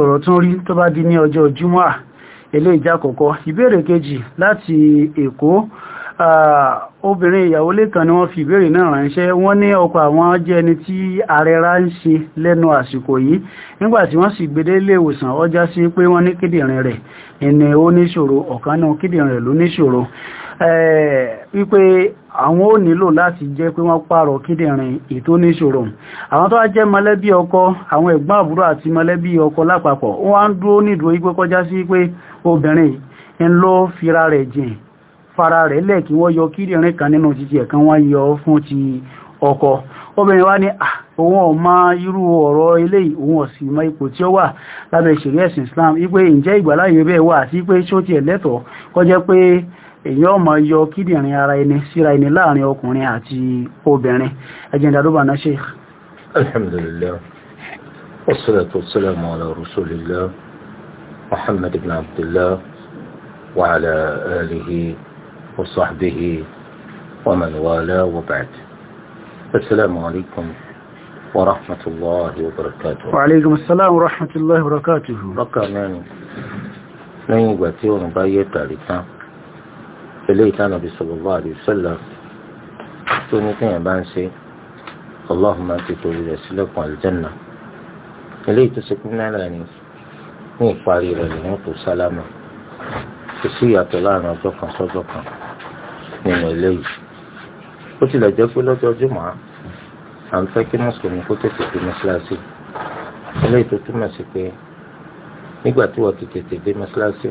ọ̀rọ̀ tún rí tó bá di ní ọjọ́ júmọ́ eléyìí jẹ́ àkọ́kọ́ ìbéèrè kejì láti èkó obìnrin ìyàwó lẹ́kan ni wọ́n fi ìbéèrè náà ránṣẹ́ wọ́n ní ọkọ àwọn jẹ́ ẹni tí àrẹra ń ṣe lẹ́nu àsìkò yìí nígbà tí wọ́n sì gbé dé ilé ìwòsàn ó já sí pé wọ́n ní kíndìnrín rẹ̀ ẹni ó níṣòro ọ̀kan náà kíndìnrín rẹ̀ ló níṣòro àwọn ò nílò láti jẹ́ pé wọ́n pààrọ̀ kíndìnrín ètò níṣòro àwọn tó wá jẹ́ mọ̀lẹ́bí ọkọ àwọn ẹ̀gbọ́n àbúrò àti mọ̀lẹ́bí ọkọ lápapọ̀ wọ́n á ń dúró nídúró wípé kọjá sí pé obìnrin ń lọ fira rẹ̀ jìn fara rẹ̀ lẹ̀ kí wọ́n yọ kíndìnrín kan nínú títí ẹ̀kan wọ́n yọ fún ti ọkọ obìnrin wá ní òun ọmọ irú ọ̀rọ̀ eléyìí òun ọ̀sìn ìmọ̀ ipò tí ó wà lábẹ́ ìṣẹ̀rí ẹ̀sìn Islam wípé ǹjẹ́ ìgbàláyé bẹ́ẹ̀ wà àti pé ṣó ti ẹ̀lẹ́tọ̀ọ́ kọjá pé èyí ọmọ yọ kíndìnrín ara ẹni síra ẹni láàrin ọkùnrin àti obìnrin ẹjẹ ìdádọ́bà náà sheikh. alhamdulillah wassalatu wassalamu ala rasulillah muhammad ibn abdullah wa ala alihi wa sahbihi wa man wala eléyìí tí Ànábì sallallahu alaihi wasallam tó ní kéèyàn bá ń ṣe Allahumma ti torí rẹ̀ sílẹ̀kùn àlùjànnà eléyìí tó ṣe pín náírà ni ní ìparí rẹ̀ ni wọ́n tó sálámà kò sí ìyàtọ̀ láàrin ọjọ́ kan sọ́jọ́ kan nínú eléyìí ó tilẹ̀ jẹ́ pé lọ́jọ́ jùmọ̀ à ń fẹ́ kí mùsùlùmí kó tètè dé mọ́ṣáláṣí eléyìí tó túmọ̀ sí pé nígbà tí wọ́n ti tètè dé mọ́ṣáláṣí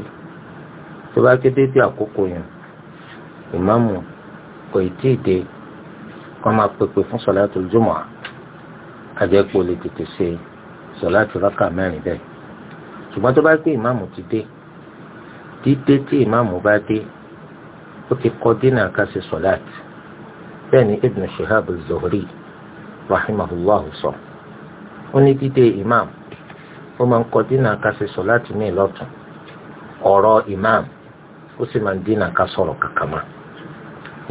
tó bá ké déédéé àkókò yẹn ìmáàmù kò tí ì dé wọ́n máa pèpè fún sọ̀láàtì jùmọ̀ àjẹpọ̀ lè tètè ṣe sọ̀láàtì rákà mẹ́rin bẹ́ẹ̀ ṣùgbọ́n tó bá pé ìmáàmù ti dé dídé tí ìmáàmù bá dé ó ti kọ́ dínà ká ṣe sọ̀láàtì bẹ́ẹ̀ ni ibn shihab zuhri rahimahullah sọ ó ní dídé ìmáàmù ó máa ń kọ́ dínà ká ṣe sọ̀láàtì ní ìlọ́tún ọ̀rọ̀ ìmáàmù ó sì máa ń dínà ká sọ̀rọ̀ kàkàmá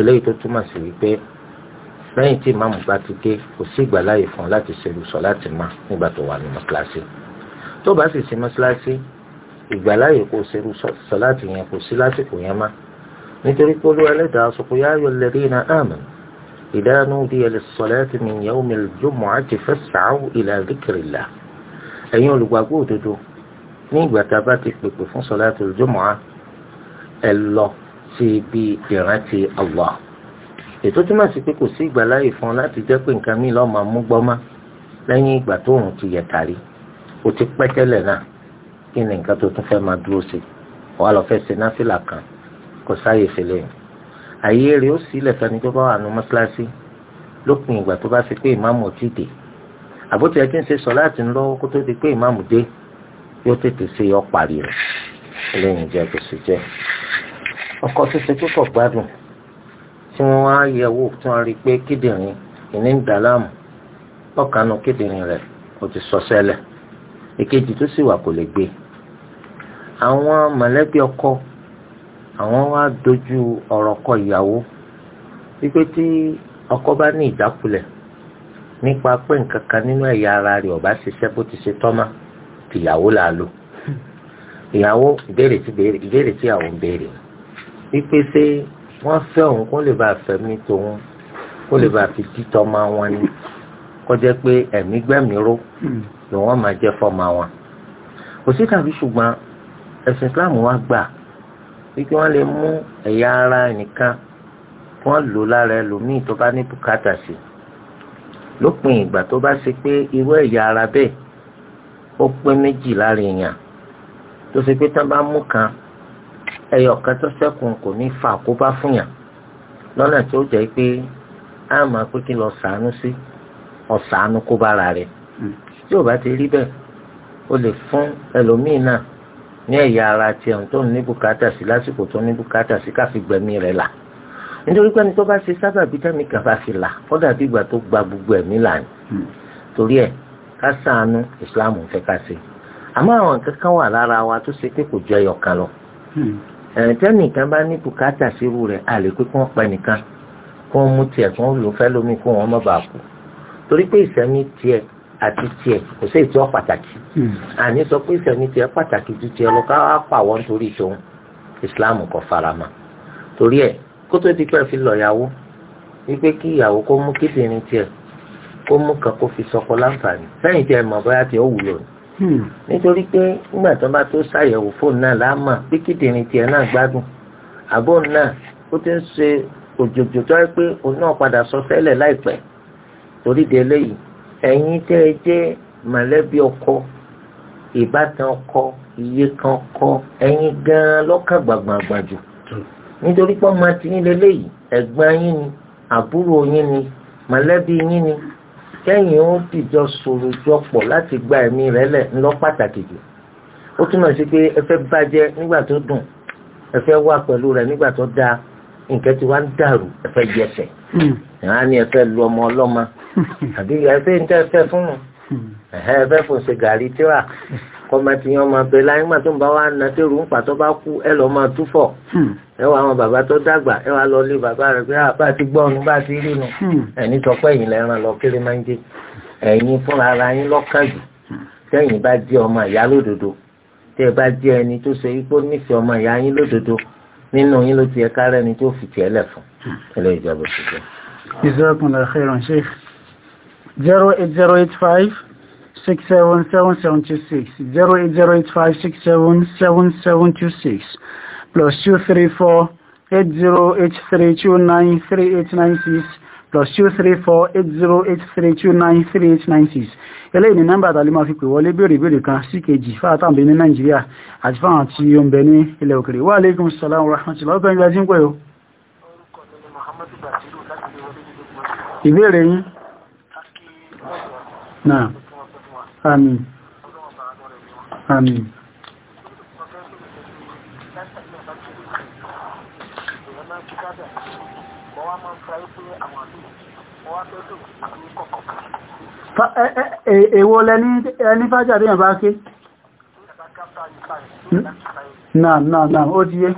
eléyìí tó túmọ̀ sí wípé lẹ́yìn tí ìmáàmù bá ti dé kò sí ìgbàláyè fún un láti ṣerú sọ láti má nígbà tó wà nínú kíláàsì tó bá sì sí mọ́síláàsì ìgbàláyè kò ṣerú sọ láti yẹn kò sí lásìkò yẹn má nítorí pé olúwa ẹlẹ́dàá sọ pé yā ayyuhalladhīna āmanū idhā nūdiya lis-salāti min yawmil jumu'ati fas'aw ilā dhikrillāh ẹ̀yin olùgbàgbọ́ òdodo ní ìgbà tá a bá ti pèpè fún sọ̀láàtì al-jumu'ah ẹ lọ sí bi ìrántí Allah ètò túmọ̀ sí pé kò sí ìgbàláyè fún ọ láti jẹ́ pé nǹkan míì lọ́ọ́ máa mú gbọ́má lẹ́yìn ìgbà tó òun ti yẹ̀ tàrí ó ti pẹ́ tẹ́lẹ̀ náà kí ni nǹkan tó tún fẹ́ máa dúró sí wàá lọ fẹ́ ṣe náfìlà kan kò sáyè sílẹ̀ àyè rẹ̀ ó sílẹ̀ fẹ́ni tó bá wà nù mọ́ṣáláṣí lópin ìgbà tó bá ṣe pé ìmáàmù ò tíì dé àbótí ẹ ti ń ṣe sọ láti ń kó tó di pé ìmáàmù dé yóò tètè ṣe ọ rẹ̀ lẹ́yìn ìjẹ́ kò sì jẹ́ ọkọ ṣíṣe tó pọ̀ gbádùn tí wọ́n á yẹ̀wò tí wọ́n rí pé kíndìnrín ìní ń dà láàmú ọ̀kanú kíndìnrín rẹ̀ kò ti sọ sẹ́lẹ̀ èkejì tó sì wà kò lè gbé àwọn mọ̀lẹ́bí ọkọ àwọn wá dojú ọ̀rọ̀ kọ ìyàwó wípé tí ọkọ bá ní ìjákulẹ̀ nípa pé nǹkan kan nínú ẹ̀yà ara rẹ̀ ọ̀bá ṣiṣẹ́ bó ti ṣe tọ́mà tìyàwó là lò ìyàwó ìbéèrè tí ìyàwó ń béèrè wípé ṣé wọ́n fẹ́ òun kó lè bá fẹ̀mí tòun kó lè bá fi títọ́ máa wọn ni kó jẹ́ pé ẹ̀mí gbẹ̀míró ni wọ́n máa jẹ́ fọ́ọ̀mà wọn. kò sí tàbí ṣùgbọ́n ẹ̀sìn Islam wa gbà wípé wọ́n lè mú ẹ̀yà ara nìkan kí wọ́n lò lára ẹlòmíì tó bá ní bùkátà sí lópin ìgbà tó bá ṣe pé irú ẹ̀yà ara bẹ́ẹ̀ ó pé méjì lára èèyàn tó ṣe pé tán bá mú kan ẹyọ kan tó sẹ́kùn kò ní fa àkóbá fún yàn lọ́nà tó jẹ́ pé á máa pé kí lọ sàánú sí ọ̀sàánú kó bára rẹ̀ hmm. tí ò bá ti rí bẹ́ẹ̀ o lè fún ẹlòmíì náà ní ẹ̀yà ara tiẹ̀ tó ní bùkátà sí lásìkò tó ní bùkátà sí káfí gbẹ̀mí rẹ̀ là nítorí pé ẹni tó bá ṣe sábàbí tẹ́mi kàfà fi là ó dàbí ìgbà tó gba gbogbo ẹ̀mí là hmm. torí ẹ̀ ká ṣàánú ìsìláàmù fẹ́ ká ṣe àmọ́ àwọn nǹkan wà lára wa tó ṣe pé kò jọ ẹyọ kan lọ hmm ẹnìtẹ́nìkan bá ní bùkátà sírú rẹ̀ a lè pé kí wọ́n pa ẹnìkan kí wọ́n mú tiẹ̀ kí o lò fẹ́ lómi kí wọ́n má bàa kú torí pé ìsẹ̀mí tiẹ̀ àti tiẹ̀ kò sí ìtọ́ pàtàkì àní hmm. sọ pé ìsẹ̀mí tiẹ̀ pàtàkì ju tiẹ̀ lọ káwá pàwọ́ nítorí tòun Islam kò farama torí ẹ̀ kó tó di pẹ́ fi lọ ìyàwó wípé kí ìyàwó kó mú kíndìnrín tiẹ̀ kó mú kan kó fi sọkọ láǹfààní sẹ́yìn tiẹ̀ mọ̀ bóyá tiẹ̀ ó wúlò ni Hmm. nítorí pé nígbà tó bá tó ṣàyẹ̀wò fóònù náà láàmà bí kíndìnrín tiẹ̀ náà gbádùn àbò náà ó ti ń ṣe òjòjò tó yẹ pé òun náà padà sọ fẹ́lẹ̀ láìpẹ́ torí de eléyìí ẹ̀yin tẹ́ ẹ jẹ́ mọ̀lẹ́bí ọkọ ìbátan ọkọ iye kan kọ ẹ̀yin gan-an lọ́kàn gbàgbàgbà jù hmm. nítorí pé ọmọ ti yín lélẹ́yìí ẹ̀gbọ́n yín ni àbúrò yín ni mọ̀lẹ́bí yín ni kẹ́yìn ó dìjọ sọ̀rọ̀ jọpọ̀ láti gba ẹ̀mí rẹ̀ lẹ̀ ńlọ pàtàkì jù ó túmọ̀ sí pé ẹ fẹ́ bàjẹ́ nígbà tó dùn ẹ fẹ́ wà pẹ̀lú rẹ̀ nígbà tó dáa nǹkan tí wá ń dàrú ẹ fẹ́ jẹsẹ̀ hmm. ẹ̀hán ni ẹ fẹ́ lu ọmọ ọlọ́mọ àbí ẹ fẹ́ ń tẹ́ fẹ́ fún un hmm. ẹ fẹ́ fún un ṣe gàrí tíra kọ́mọ tí wọ́n máa bẹ láyé máa tó ń bá wa na tẹ́rù ń pàtó bá kú ẹ lọ́ máa túfọ̀ hmm. ẹ wọ àwọn bàbá tó dàgbà ẹ wà lọ lé bàbá rẹ pé àbá ti gbọ́ ọ̀nù bá ti rí nu ẹ̀ní tọpẹ́ yìí lẹ́ran lọ kéré máa ń jẹ ẹ̀yin fúnra ara yín lọ́kàn jù hmm. tẹ́yìn bá jẹ́ ọmọ ìyá lódodo tẹ́ ẹ bá jẹ́ ẹni tó ṣe ipò nífẹ̀ẹ́ ọmọ ìyá yín lódodo nínú yín ló ti ẹ kárẹ́ ẹni tó fi tiẹ̀ lẹ̀ fún ẹlẹ́ ìjọba òṣèlú. ìṣèkùnlẹ̀ xeyrán sheikh zero eight zero eight five six seven seven seven two six zero eight zero eight five six seven seven seven two six plus two three four eight zero eight three two nine three eight nine six plus two three four eight zero eight three two nine three eight nine six eléyìí ni nọ́mbà àtàlẹ́ máa fi pè wọlé béèrè ìbéèrè kan sí kejì fáwọn táwọn bẹ ní nàìjíríà àti fáwọn tí ó ń bẹ ní ilẹ̀ òkèrè wa alaikum salaam wa rahmatullahi ọ̀gbẹ́ni gbajú ń pè o. ìbéèrè yín àmín àmín èwo lẹni fájà rí ẹ̀bá ké náà náà náà ó ti yé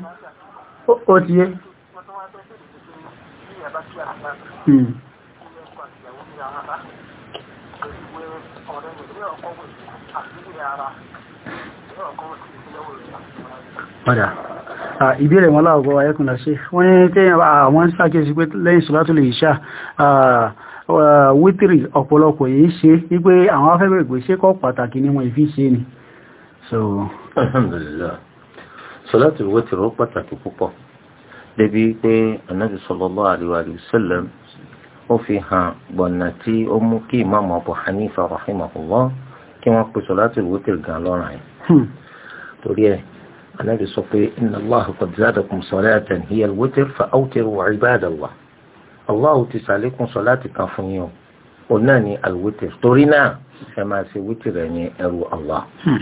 ó ti yé Mm. padà ìbéèrè wọn láàgbọ́ ayẹ́kùnlá ṣe wọ́n ní tẹ́yàn àwọn sàkíyèsí pé lẹ́yìn sọ́látò lè ṣá wítìrì ọ̀pọ̀lọpọ̀ yìí ṣe wípé àwọn afẹ́bẹ̀rẹ̀ pé ṣe kọ́ pàtàkì ní wọn ìfi ṣe ni so alhamdulillah sọ́látò wítìrì ó pàtàkì púpọ̀ débi pé anábì sallallahu alaihi wa sallam ó fi hàn gbọ̀nà tí ó mú kí ìmáàmù Abu Hanifa rahimahullah kí wọ́n pe sọ́látò wítìrì hmm. torí ẹ̀ anábì sọ pé inna Allaha qad zadakum salatan hiya al-witr fa awtiru ibadallah Allah ti sàlékún sọláàtì kan fún yín o òun náà ni al-witr torí náà ẹ máa ṣe witr rẹ̀ ní ẹrù Allah. Hmm.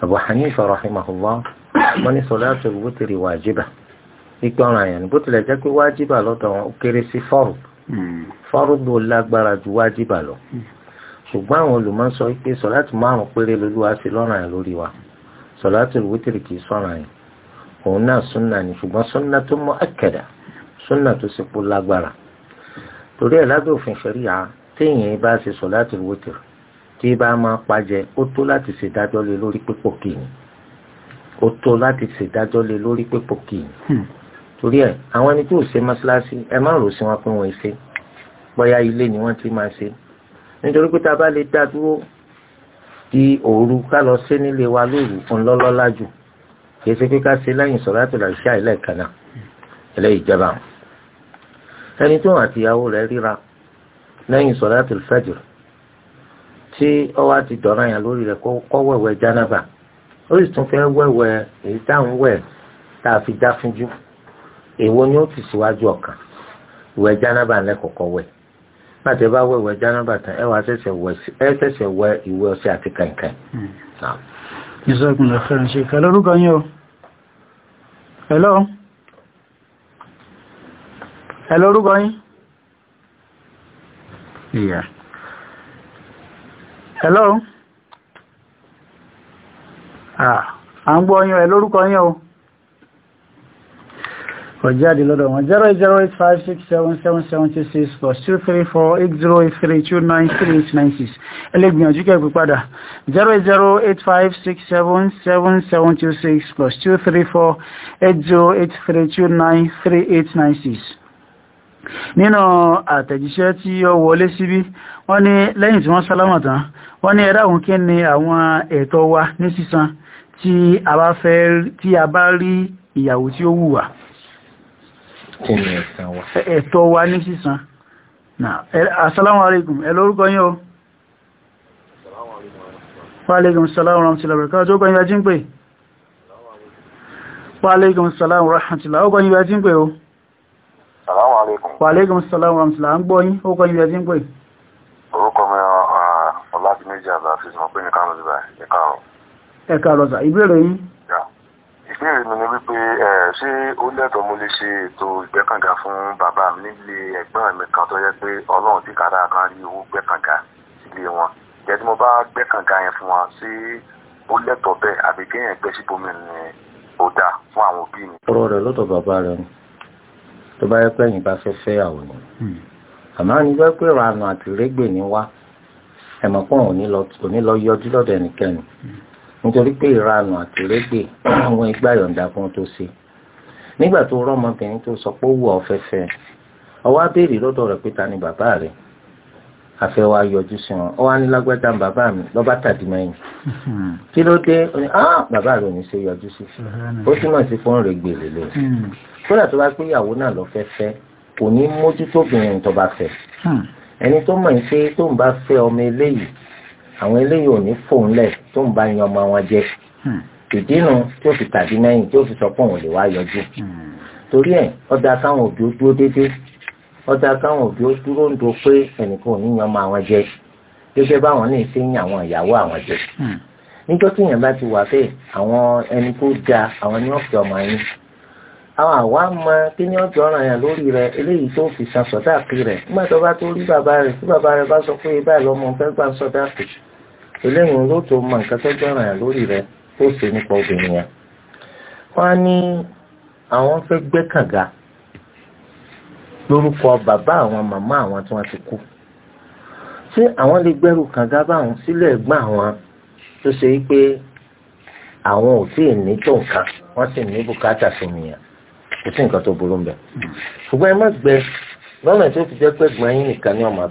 Abu Hanifa rahimahullah wọ́n ní sọláàtì al-witr wàjibà ìgbọràn àyàn ní bó tilẹ̀ jẹ́ pé wájibà lọ́dọ̀ wọn ó kéré sí fọ́ọ̀rù hmm. hmm. fọ́ọ̀rù sọ̀látù wítìrì kìí sọ̀rọ̀ àyìn òun náà súnà ní ṣùgbọ́n súnà tó mọ àkàdà súnà tó sì kú lágbára torí ẹ̀ lábẹ́ òfin ṣẹ̀ríà téèyàn bá ṣe sọ̀látù wítìrì tí bá máa pàjẹ́ ó tó láti ṣèdájọ́ lé lórí pípò kìíní ó tó láti ṣèdájọ́ lé lórí pípò kìíní hmm. torí ẹ̀ àwọn ẹni tí ò ṣe mọ́ṣáláṣí ẹ má rò sí wọn pé wọ́n ṣe bóyá ilé ni wọ́n ti máa ṣe nítorí pé tá bá lè dá dúró tí òru ká lọ sí nílé wa lóru fún lọ́lọ́lá jù kìí ṣe pé ká ṣe lẹ́yìn sọ̀rọ̀tò làṣà ìlẹ́ẹ̀kan náà ẹlẹ́yìí jẹba ẹni tó àti ìyàwó rẹ̀ ríra lẹ́yìn sọ̀rọ̀tò fẹ́jù tí ọwọ́ ti dọ̀rọ̀ yẹn lórí rẹ̀ kọ́ wẹ̀wẹ̀ jánábà ó sì tún fẹ́ wẹ̀wẹ̀ èyí táwọn wẹ̀ tá a fi dá fúnjú èwo ni ó ti síwájú ọ̀kan ìwẹ̀ jánábà lẹ́kọ̀ọ́kọ́ wẹ̀ láti bá wẹ̀wẹ̀ jánábà tán ẹwà ẹsẹ̀sẹ̀ wẹ ìwẹ̀ ọṣẹ àti kàìkàì. ìṣẹ́gun ẹ̀fẹ́rin ṣe kẹlẹ́ orúkọ yín o hello hello orúkọ ìyà hello à ń gbọ́ yín ẹ lórúkọ yín o kọ̀ jáde lọ́dọ̀ wọn 08085677726 plus 2348083293896 ẹlẹ́gbìyànjú kẹ́ẹ̀kú padà 08085677726 plus 2348083293896 nínú àtẹ̀jíṣẹ́ tí ó wọlé síbí wọ́n ní lẹ́yìn tí wọ́n sálámà tán wọ́n ní ẹ̀dá òun kí ni àwọn ẹ̀tọ́ wa ní sísan tí a bá rí ìyàwó tí ó wù wá kí ni ẹ̀san wa. ẹ̀tọ́ wa ní sísan assalamu alaikum ẹ lórúkọ yín o wàlẹ́gùn salamu rahmatullahi wabarakatuh ó gbọ́nyí ajín pé wàlẹ́gùn salamu rahmatullahi ó gbọ́nyí ajín pé o wàlẹ́gùn salamu rahmatullahi ń gbọ́nyí ó gbọ́nyí ajín pé orúkọ mẹ́rin ọlá ti méjì àbáfíìsì mọ́ pé ìbéèrè mi ni wípé ṣé ó lẹ́tọ̀ọ́ mo lè ṣe ètò ìgbẹ́kànga fún bàbá mi nílé ẹ̀gbọ́n mi kan tó yẹ pé ọlọ́run ti kàdá kan rí owó gbẹ́kànga sílé wọn jẹ́ tí mo bá gbẹ́kànga yẹn fún wọn ṣé ó lẹ́tọ̀ọ́ bẹ́ẹ̀ àbí kéèyàn gbẹ́ síbòmí ni ó dáa fún àwọn òbí mi. ọ̀rọ̀ rẹ̀ lọ́dọ̀ bàbá rẹ̀ ni tó bá yẹ pé ẹ̀yin bá fẹ́ fẹ́ àwọn ni hmm. àmọ́ nítorí pé ìranù àtìrégbè àwọn ìgbà yọ̀ǹda kan tó ṣe nígbà tó rọ́mọbìnrin tó sọ pé ó wù ọ́ fẹ́fẹ́ ọwọ́ abéèrè lọ́dọ̀ rẹ̀ pé ta ni bàbá rẹ̀ àfẹ́ wa yọjú sí wọn ọwọ́ anilágbádá bàbá mi lọ́ba tàdí mẹ́yìn kí ló dé oní ah bàbá rẹ̀ ò ní ṣe yọjú sí ó túmọ̀ sí fún rẹ̀ gbèrè lè kódà tó bá pé ìyàwó náà lọ fẹ́fẹ́ kò ní mójútóbìnrin tó bá fẹ́ hmm. ẹni tó mọ̀ ní pé tó ń bá fẹ́ ọmọ eléyìí àwọn eléyìí ò ní fòun lẹ̀ tó ń bá yan ọmọ wọn jẹ hmm. ìdínú tó fi tàbí mẹ́yìn tó fi sọ pé òun lè wá yọjú hmm. torí ẹ̀ ọ̀dà káwọn òbí ó dúró déédéé ọ̀dà káwọn òbí ó dúró ń do pé ẹnìkan ò ní yan ọmọ àwọn jẹ gẹ́gẹ́ báwọn ní ṣe ń yan àwọn ìyàwó àwọn jẹ hmm. níjọ́ tí èèyàn bá ti wà fẹ́ àwọn ẹni tó da àwọn ní ọ̀fẹ́ ọmọ yín àwọn àwa mọ kí ni ọjọ́ ọ̀ràn yàn lórí rẹ eléyìí tó fi san sọ̀dáàkì rẹ̀ nígbà tó bá tó rí bàbá rẹ̀ tí bàbá rẹ̀ bá sọ pé báyìí lọ́mọ fẹ́ gbà sọ̀dáàkì eléyìí ló tó mọ nǹkan tó jọ́ ọ̀ràn yàn lórí rẹ tó ṣe nípa obìnrin yẹn. wọ́n á ní àwọn fẹ́ gbẹ́ kànga lórúkọ bàbá àwọn màmá àwọn tí wọ́n ti kú tí àwọn lè gbẹ́rù kànga báwọn sílẹ̀ gbà wọn tó ṣe wípé àwọn ò tí ì ní tó nǹkan wọ́n sì ní bùkátà sí nìyẹn kò sí nǹkan tó burú mbẹ hmm. ṣùgbọ́n ẹ má gbẹ lọ́nà tó fi jẹ́ pé gbọ̀nyìn nìkan ni ọmọ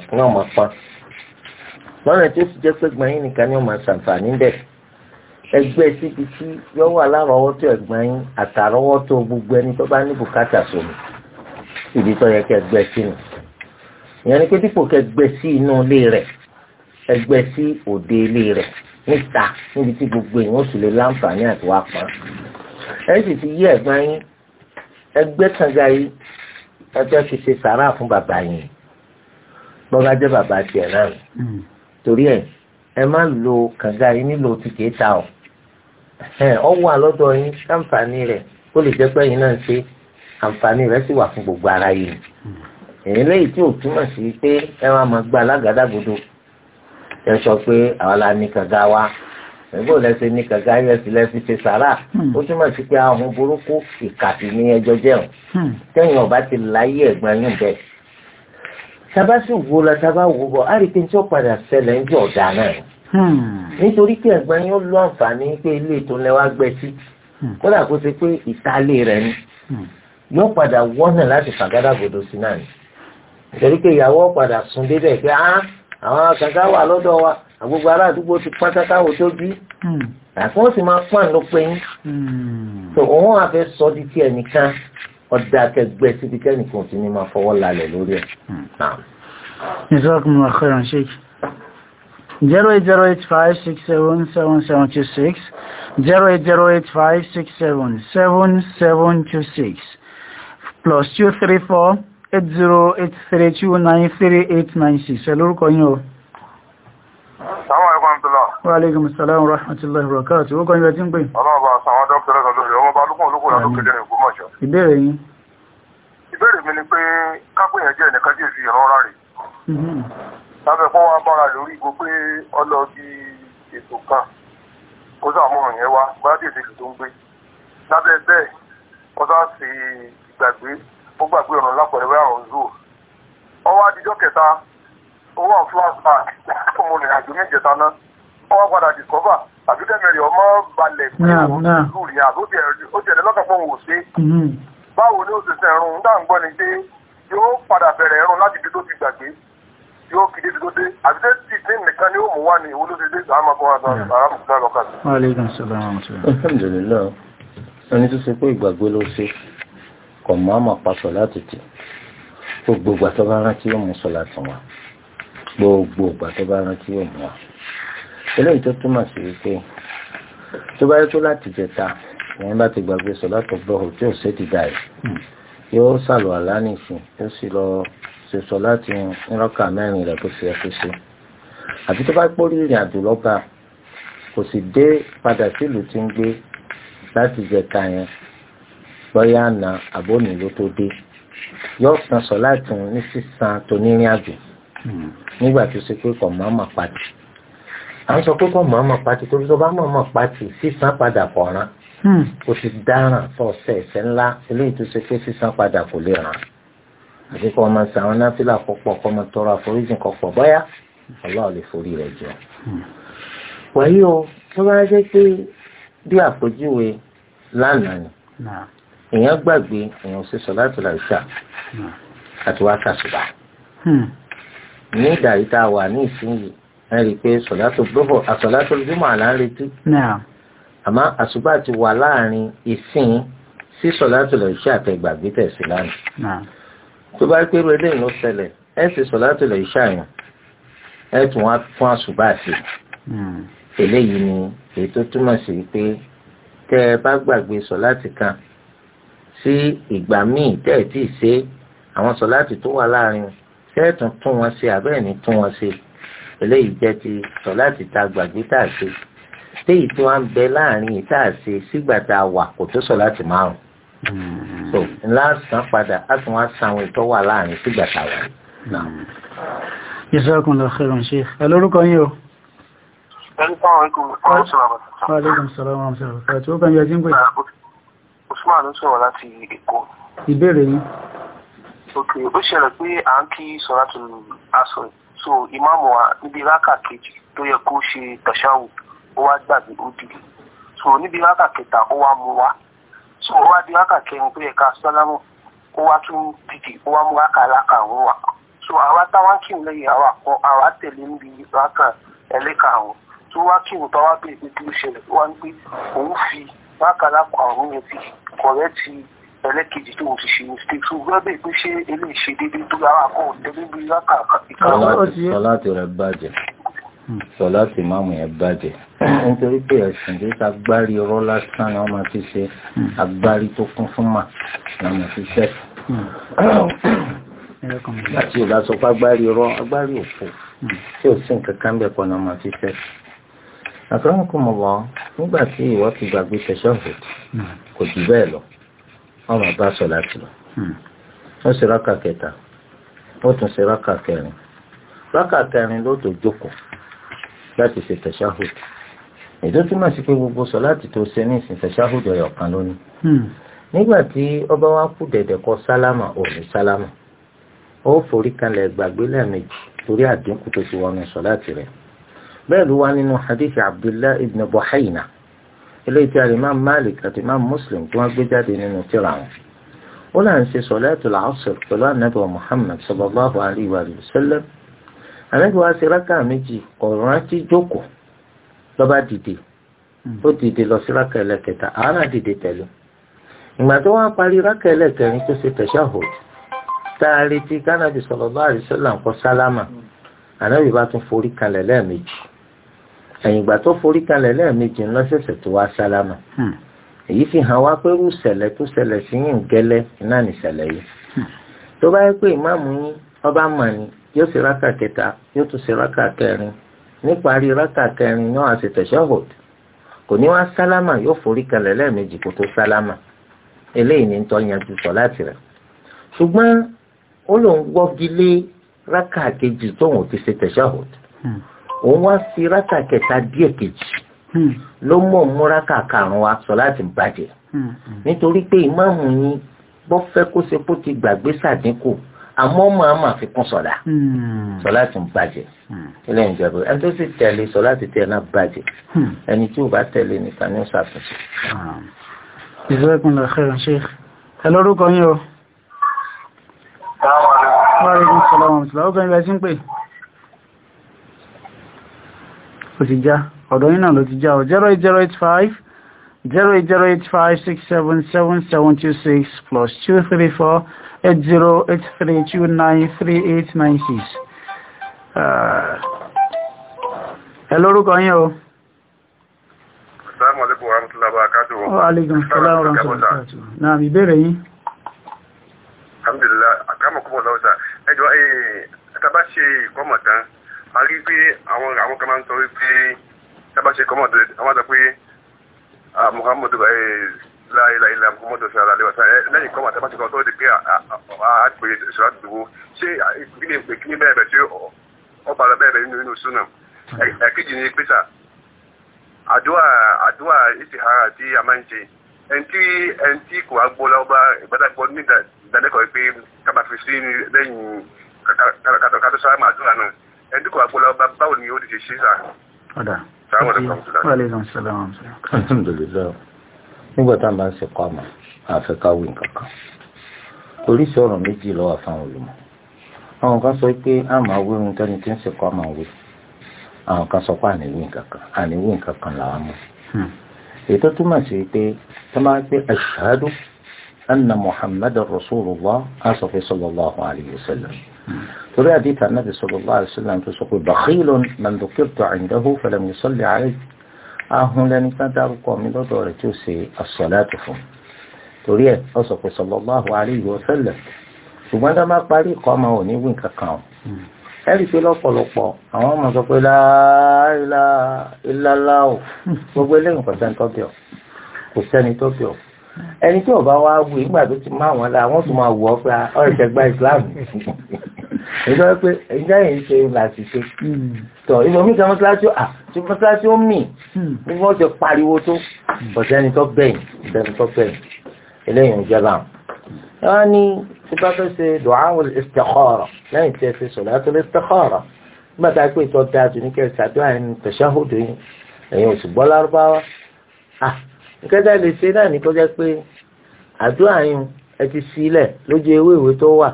pa lọ́nà tó fi jẹ́ pé gbọ̀nyìn nìkan ni ọmọ ṣàǹfààní bẹ́ẹ̀ ẹgbẹ́ síbi tí yọ wà lárọ̀ọ́wọ́tó ẹ̀gbọ́n yín àtàrọ́wọ́tó gbogbo ẹni tó bá ní bùkátà sómi ibi tó yẹ kẹ́ gbẹ́ sínú ìyẹn ni pé dípò kẹ́ gbẹ́ sí inú ilé rẹ̀ ẹgbẹ́ sí òde ilé rẹ̀ níta níbi tí gbogbo èèyàn sì lè láǹfààní àti wá pa ẹ sì ti yí ẹ̀gbọ́n yín ẹgbẹ́ kànga yìí ẹgbẹ́ fi ṣe sàrà fún bàbá yẹn bọ́bá jẹ́ bàbá tiẹ̀ náà hmm. torí ẹ̀ ẹ má lo kànga yìí nílò tí kìí ta ọ̀ ọ wà lọ́dọ̀ yín sáǹfààní rẹ̀ ó lè jẹ́ pé yín náà ń ṣe àǹfààní rẹ̀ sì wà fún gbogbo ara yìí èyí lẹ́yìn tí ò túmọ̀ sí pé ẹ wá máa gba alágàdàgodo ẹ sọ pé àwa la ní kànga wa ẹgbẹ́ òlẹ́sẹ̀ ní kàkà ẹ̀sìn lẹ́sìn ṣe sàrà hmm. ó túmọ̀ sí pé ahun burúkú ìkàtì ní ẹjọ́ jẹun hmm. tẹ́yìn ọba ti láyé ẹ̀gbọ́n yín bẹ́ẹ̀. sábà sì wo la sábà wo bọ̀ á rí pé tí ó padà ṣẹlẹ̀ ń jẹ́ ọ̀dà náà hmm. nítorí pé ẹ̀gbọ́n yín ó lọ àǹfààní pé ilé ètò lẹ́wà gbẹ sí kódà kó ṣe pé ìtàlẹ̀ rẹ̀ ni yóò padà wọ́nà láti fàgádà gbòdò sí náà ni nítorí pé ìyàwó padà sùn débẹ̀ pé á àwọn kàkà wà lọ́dọ̀ wa àgbogbo ará àdúgbò ti pátákáwò tó bí hmm. àkọ́ sì máa pàn ló pé yín tó hmm. òun àfẹ́ sọ di tí ẹnìkan ọ̀dà akẹgbẹ́ síbi kẹ́nìkan ti ní máa fọwọ́ lálẹ̀ lórí hmm. zero eight zero eight five six seven seven seven two six zero eight zero eight five six seven seven seven two six plus two three four eight zero eight three two nine three eight nine six ẹ lórúkọ yín o. Assalamu alaikum. Wa alaikum assalam wa rahmatullahi wa barakatuh. Ó kọ́ yín bẹ tí ń pè. Ọlọ́ọ̀bá àwọn dókítà lọ́sọ̀ lórí ọmọ bá lókùn olókùn láti kéde ẹ̀kọ́ mọ̀ ṣọ. Ìbéèrè yín. Ìbéèrè mi ni pé kápẹ́ yẹn jẹ́ ẹnìkan jẹ́ ìfihàn rárá rẹ̀. Lábẹ́ kó wá bára lórí igbó pé ọlọ bí ètò kan. Ó sàmúrùn yẹn wá, bá dèdè tó ń gbé. Lábẹ́ bẹ́ẹ̀, ọ ó gbàgbé ọ̀rọ̀ lápẹ̀rẹ̀ àwọn zoo ọwọ́ adijọ́ kẹta owó àwọn flashback ọmọ rìn àjò méjèta náà ọwọ́ padà discover àbí kẹ́mẹ̀rẹ̀ ọmọ balẹ̀ pé òun zoo rí àbí ó tiẹ̀ lọ́kàn pọ̀ wò ṣe báwo ni ó ṣe ṣe ẹ̀rùn nígbà ń gbọ́ ni pé yóò padà bẹ̀rẹ̀ ẹ̀rùn láti ibi tó ti gbàgbé yóò kìdé tó dé àbí tó ti dín nìkan ni ó mú wá ní ìwó ló ti dé sàámà fún àtàrà àmì ìgbà lọ́kàn. ẹni tó ṣe pé ìgbàgbé ló ṣe kò mọ́ àmọ́ pa sọ̀láàtì tì gbogbo ìgbà tó bá rántí yóò mú sọ̀láàtì wá gbogbo ìgbà tó bá rántí yóò mú wá eléyìí tó túmọ̀ sí wípé tó bá yẹ tó láti jẹta wọn láti gbàgbé sọ̀láàtì gbọ́hùn tí ò ṣe ti dà yìí yóò sàlù àlá nìsín yóò sì lọ ṣe sọ̀láàtì nírọ́kà mẹ́rin rẹ̀ tó ṣe ẹ́ ṣe àti tó bá pórí ìrìn àjò lọ́gbà kò sì dé padà sílùú tí ń gbé láti jẹta yẹn bọ́yá àná àbónì ló tó dé yóò san sọ̀láàtì òun ní sísan tó nírìn àjò hmm. nígbà tó ṣe pé kò má má pàtì à ń sọ pé kò má má pàtì torí tó bá má má pàtì sísan padà kọ̀ọ̀ràn kò sì hmm. dáràn fọ́ọ̀sẹ̀ ẹ̀sẹ̀ ńlá eléyìí tó ṣe pé sísan padà kò lè ràn àti kọ́ ọmọ sí àwọn náfìlà pọ̀pọ̀ kọ́ ọmọ tọrọ àforíjì kan pọ̀ bọ́yá ọlọ́ọ̀ lè forí rẹ̀ jọ. Hmm. wàyí o tó bá jẹ́ pé bí àpèjúwe lánàá ni èèyàn gbàgbé èèyàn ṣe sọ̀láàtì láìsà hmm. àti wákàtúbà hmm. ní ìdàrí tá a wà ní ìsinyìí ẹ rí i pé sọ̀láàtì gbọ́bọ̀ àsọ̀láàtì ojúmọ̀ àlá ń retí àmọ́ àṣùbà ti wà láàrin ìsìn sí sọ̀láàtì láìsà àti ìgbàgbé tẹ̀sí lánàá tó bá pé rẹ lẹ́yìn ló ṣẹlẹ̀ ẹ ṣe sọ̀láàtì láìsà yẹn ẹ tún wá fún àṣùbà sí hmm. eléyìí ni èyí tó túmọ̀ sí pé tẹ́ ẹ bá gbàgbé sọ̀láàtì kan sí ìgbà míì tẹ́ ẹ̀ tí ì ṣe àwọn sọ̀láàtì tó wà láàrin sẹ́ẹ̀tún tún wọn ṣe àbẹ́ẹ̀ni tún wọn ṣe eléyìí jẹ́ ti sọ̀láàtì tá a gbàgbé tá a ṣe téyì tí wọ́n ń bẹ láàrin tá a ṣe sígbà tá a wà kò tó sọ̀láàtì márùn so ńlá san padà á tún wá san àwọn ìtọ́wà láàrin sígbà tá a wà. Jazakumullahu khairan Sheikh. Ẹ lórúkọ yín o. Assalamu alaikum. Wa alaikum assalam. Ṣé Usman ń sọ̀rọ̀ láti Èkó. Ìbéèrè yín. Ok, ó ṣẹlẹ̀ pé à ń kí Sọ́látù Asr. So, ìmáàmù wa níbi rákà kejì tó yẹ kó ṣe tàṣàwù, ó wá gbàgbé ó dìde. So, níbi rákà kẹta ó wá mú wa. So, ó wá di rákà kẹrin tó yẹ ká Ó wá tún dìde, ó wá mú rákà rákà òun wa. So, àwa táwọn kì í lẹ́yìn àwa kan, àwa tẹ̀lé níbi rákà ẹlẹ́kàrún. So, ó wá kí òun táwa bèèrè pé kí ló ṣẹlẹ̀, bákan lápò àrùn yẹn ti kọ̀rẹ́tì ẹlẹ́kejì tó o ti ṣe mistake so gbọ́dọ̀ pé ṣé eléyìí ṣe déédéé tó ara kan tẹ́lẹ̀ bí rákà ìkàwé. sọláàtì rẹ bàjẹ́ hmm. sọláàtì máàmù yẹn bàjẹ́ hmm. nítorí pé ẹ̀sìn tó ta agbárí ọ̀rọ̀ lásán ni wọ́n máa fi ṣe hmm. agbárí tó kún fún mà ni wọ́n máa fi ṣẹ́ láti ìdásọpá agbárí ọ̀rọ̀ agbárí òfò tí ò sí nǹkan kan bẹ́ẹ̀ kọ́ ni wọ́n máa fi ṣẹ́ akramakumullah nígbà tí ìwọ ti gbàgbé tashahhud hmm. kò jù bẹ́ẹ̀ lọ ọmọ bá sọ láti lọ hmm. ó sì rákà kẹta ó tún sì rákà kẹrin rákà kẹrin ló tó jókòó láti ṣe tashahhud èdè túmọ̀ sí pé gbogbo sọ láti tó ṣe ní ìsìn tashahhud ọ̀yọ̀ kan lónìí hmm. nígbà ọba wa kú dẹ̀dẹ̀ kọ sálámà ò ní sálámà ó forí kanlẹ̀ gbàgbé lẹ́ẹ̀mejì torí àdínkù tó ti wọnú sọ láti rẹ̀ bẹ́ẹ̀ ló wá nínú hadith abdullah ibn buhayna eléyìí tí alimam malik àti imam muslim tí wọ́n gbé jáde nínú tírà wọn ó náà ń ṣe sọ̀lẹ́tùl asr pẹ̀lú anábọ̀ muhammad sallallahu alayhi wa sallam anábì wa ṣe rákà méjì ọ̀rọ̀ rántí jókòó lọ́ba dìde ó dìde lọ sí rákà ẹlẹ́kẹta àánà dìde tẹ̀lé ìgbà tó wá parí rákà ẹlẹ́kẹrin tó ṣe tashahhud táa retí kánábì sallallahu alayhi wa kọ́ sálámà anábì bá tún forí kalẹ̀ lẹ́ẹ̀mejì ẹ̀yìn ìgbà tó forí kalẹ̀ lẹ́ẹ̀mejì ńlọ ṣẹ̀ṣẹ̀ tó wá sálámà hmm. èyí fi hàn wá pé irú ìṣẹ̀lẹ̀ tó ṣẹlẹ̀ sí yín gẹ́lẹ́ iná nìṣẹ̀lẹ̀ yìí hmm. tó bá yẹ pé ìmáàmù yín ọba mọ̀ ni yóò ṣe rákà kẹta yóò tún ṣe rákà kẹrin níparí rákà kẹrin yóò àṣẹ tẹ̀síọ́hùd kò ní wá sálámà yóò forí kalẹ̀ lẹ́ẹ̀mejì kó tó sálámà eléyìí ni tó yanjú sọ láti rẹ̀ ṣùgbọ́n ó lòún gbọ́gi rákà kejì tóun ò ti ṣe tẹ̀síọ́hùd òun wá fi rákà kẹta díẹ̀ kejì hmm. ló mọ̀ mú rákà karùn wa sọ láti bàjẹ́ hmm. nítorí pé ìmáàmù yín bọ́ fẹ́ kó ṣe kó ti gbàgbé sàdínkù àmọ́ máa máa fi kún sọ̀dá hmm. sọ̀lá ti ń bàjẹ́ ilé ìjọba ẹni tó sì tẹ̀lé sọ̀lá ti tẹ̀ náà bàjẹ́ ẹni tí ò bá tẹ̀lé nìkan ní ṣàtúnṣe. ìṣègùnlẹ̀ ṣẹ́yìn ṣe ẹ lórúkọ yín o. báwo ni. báwo ni sọlá wọn ti lọ ó bẹ̀rẹ̀ sí ń pè ó ti já ọ̀dọ̀ yín náà ló ti já o zero eight zero eight five zero eight zero eight five six seven seven seven two six plus two three four eight zero eight three two nine three eight nine six. Uh, ẹ lórúkọ yín o. Assalamualaikum warahmatullahi wabarakatuh. Wa alaikum assalam warahmatullahi wabarakatuh. Naam, ìbéèrè yín. Alhamdulillah, akamakumullahu sa. Ẹjọ́ ẹ̀ tàbá ṣe ìkọ́mọ̀ tán a rí pé àwọn àwọn kan máa ń sọ wípé sábà ṣe kọ́mọ̀ tó àwọn sọ pé muhammadu eh, láìláìlá muhammadu sọ̀rọ̀ àlẹ́ wàtá lẹ́yìn kọ́mọ̀ sábà ṣe kọ́mọ̀ tó di pé àpè ìṣòro àdúgbò ṣé ìpínlẹ̀ ìpè kí ní bẹ́ẹ̀ bẹ̀ tí ọba lọ bẹ́ẹ̀ bẹ̀ nínú inú súnà ẹ̀kejì ni pé sà àdúrà àdúrà ìsìhárà tí a máa ń ṣe ẹntì ẹntì kò wá gbọ́ lọ́wọ́ bá ìgbàdàgbọ́ ní ìdánilẹ́kọ̀ọ́ pé kábàfin sí lẹ́yìn kátó sáà máa dúrà náà ẹ̀dùkọ̀ àpọ̀lọ ọba báwo ni ó ti ṣe ṣe sáà. ọ̀dà nígbà tá a bá ń ṣe kọ́ àmọ́ àfẹ́káwé kankan oríṣi ọ̀rọ̀ méjì lọ́wọ́ fáwọn olùmọ̀ àwọn kan sọ pé àmọ́ awé ohun tẹ́ni tí ń ṣe kọ́ àmọ́ awé àwọn kan sọ pé àníwé kankan àníwé kankan làwọn mọ̀ hmm. ètò túmọ̀ sí pé tó máa pé ashhadu anna muhammadar rasulullah asọ̀fẹ́ sallallahu alayhi wa sallam ترى حديث النبي صلى الله عليه وسلم تقول بخيل من ذكرت عنده فلم يصلي عليه ahun lẹni tán dárúkọ mi lọ́dọ̀ rẹ̀ tí ó ṣe as-salatu fún torí ẹ̀ ọ̀sọ̀kọ̀ sallallahu alayhi wa sallam ṣùgbọ́n tó máa parí ìkọ́ ọmọ òní wí kankan o ẹ̀rí pé lọ́pọ̀lọpọ̀ àwọn ọmọ sọ pé la ilaha illallah o gbogbo eléyìí kò sẹ́ni tó bẹ̀ ọ́ kò sẹ́ni tó bẹ̀ ọ́ ẹni tí ọba wa wù nígbà tó ti má wọn la wọn tún máa wù ọ pé ah, ọ̀rẹ́ tẹ gba islam nígbà pé ẹjọ́ yìí ṣe láti ṣe tọ ìlòmí kan mọ́sálásí à ah, tí mọ́sálásí ó mì bí wọ́n ti pariwo tó ọ̀sẹ́ni tó bẹ̀yìn ọ̀sẹ́ni tó bẹ̀yìn eléyìí ń jẹba ẹ wá ní tí bá fẹ́ ṣe du'aul istikhara lẹ́yìn tí ẹ ṣe salatul istikhara nígbà tá a pè tó dáa jù ní kẹrìsì àdúrà ẹni tẹ̀síáhùdù yìí ẹ̀yin òṣùgbọ́ lárúbáwá ah, kẹ́tà lè ṣe náà ní kọjá pé àdúrà yín ẹ ti sílẹ̀ lójú ewé ìwé tó wà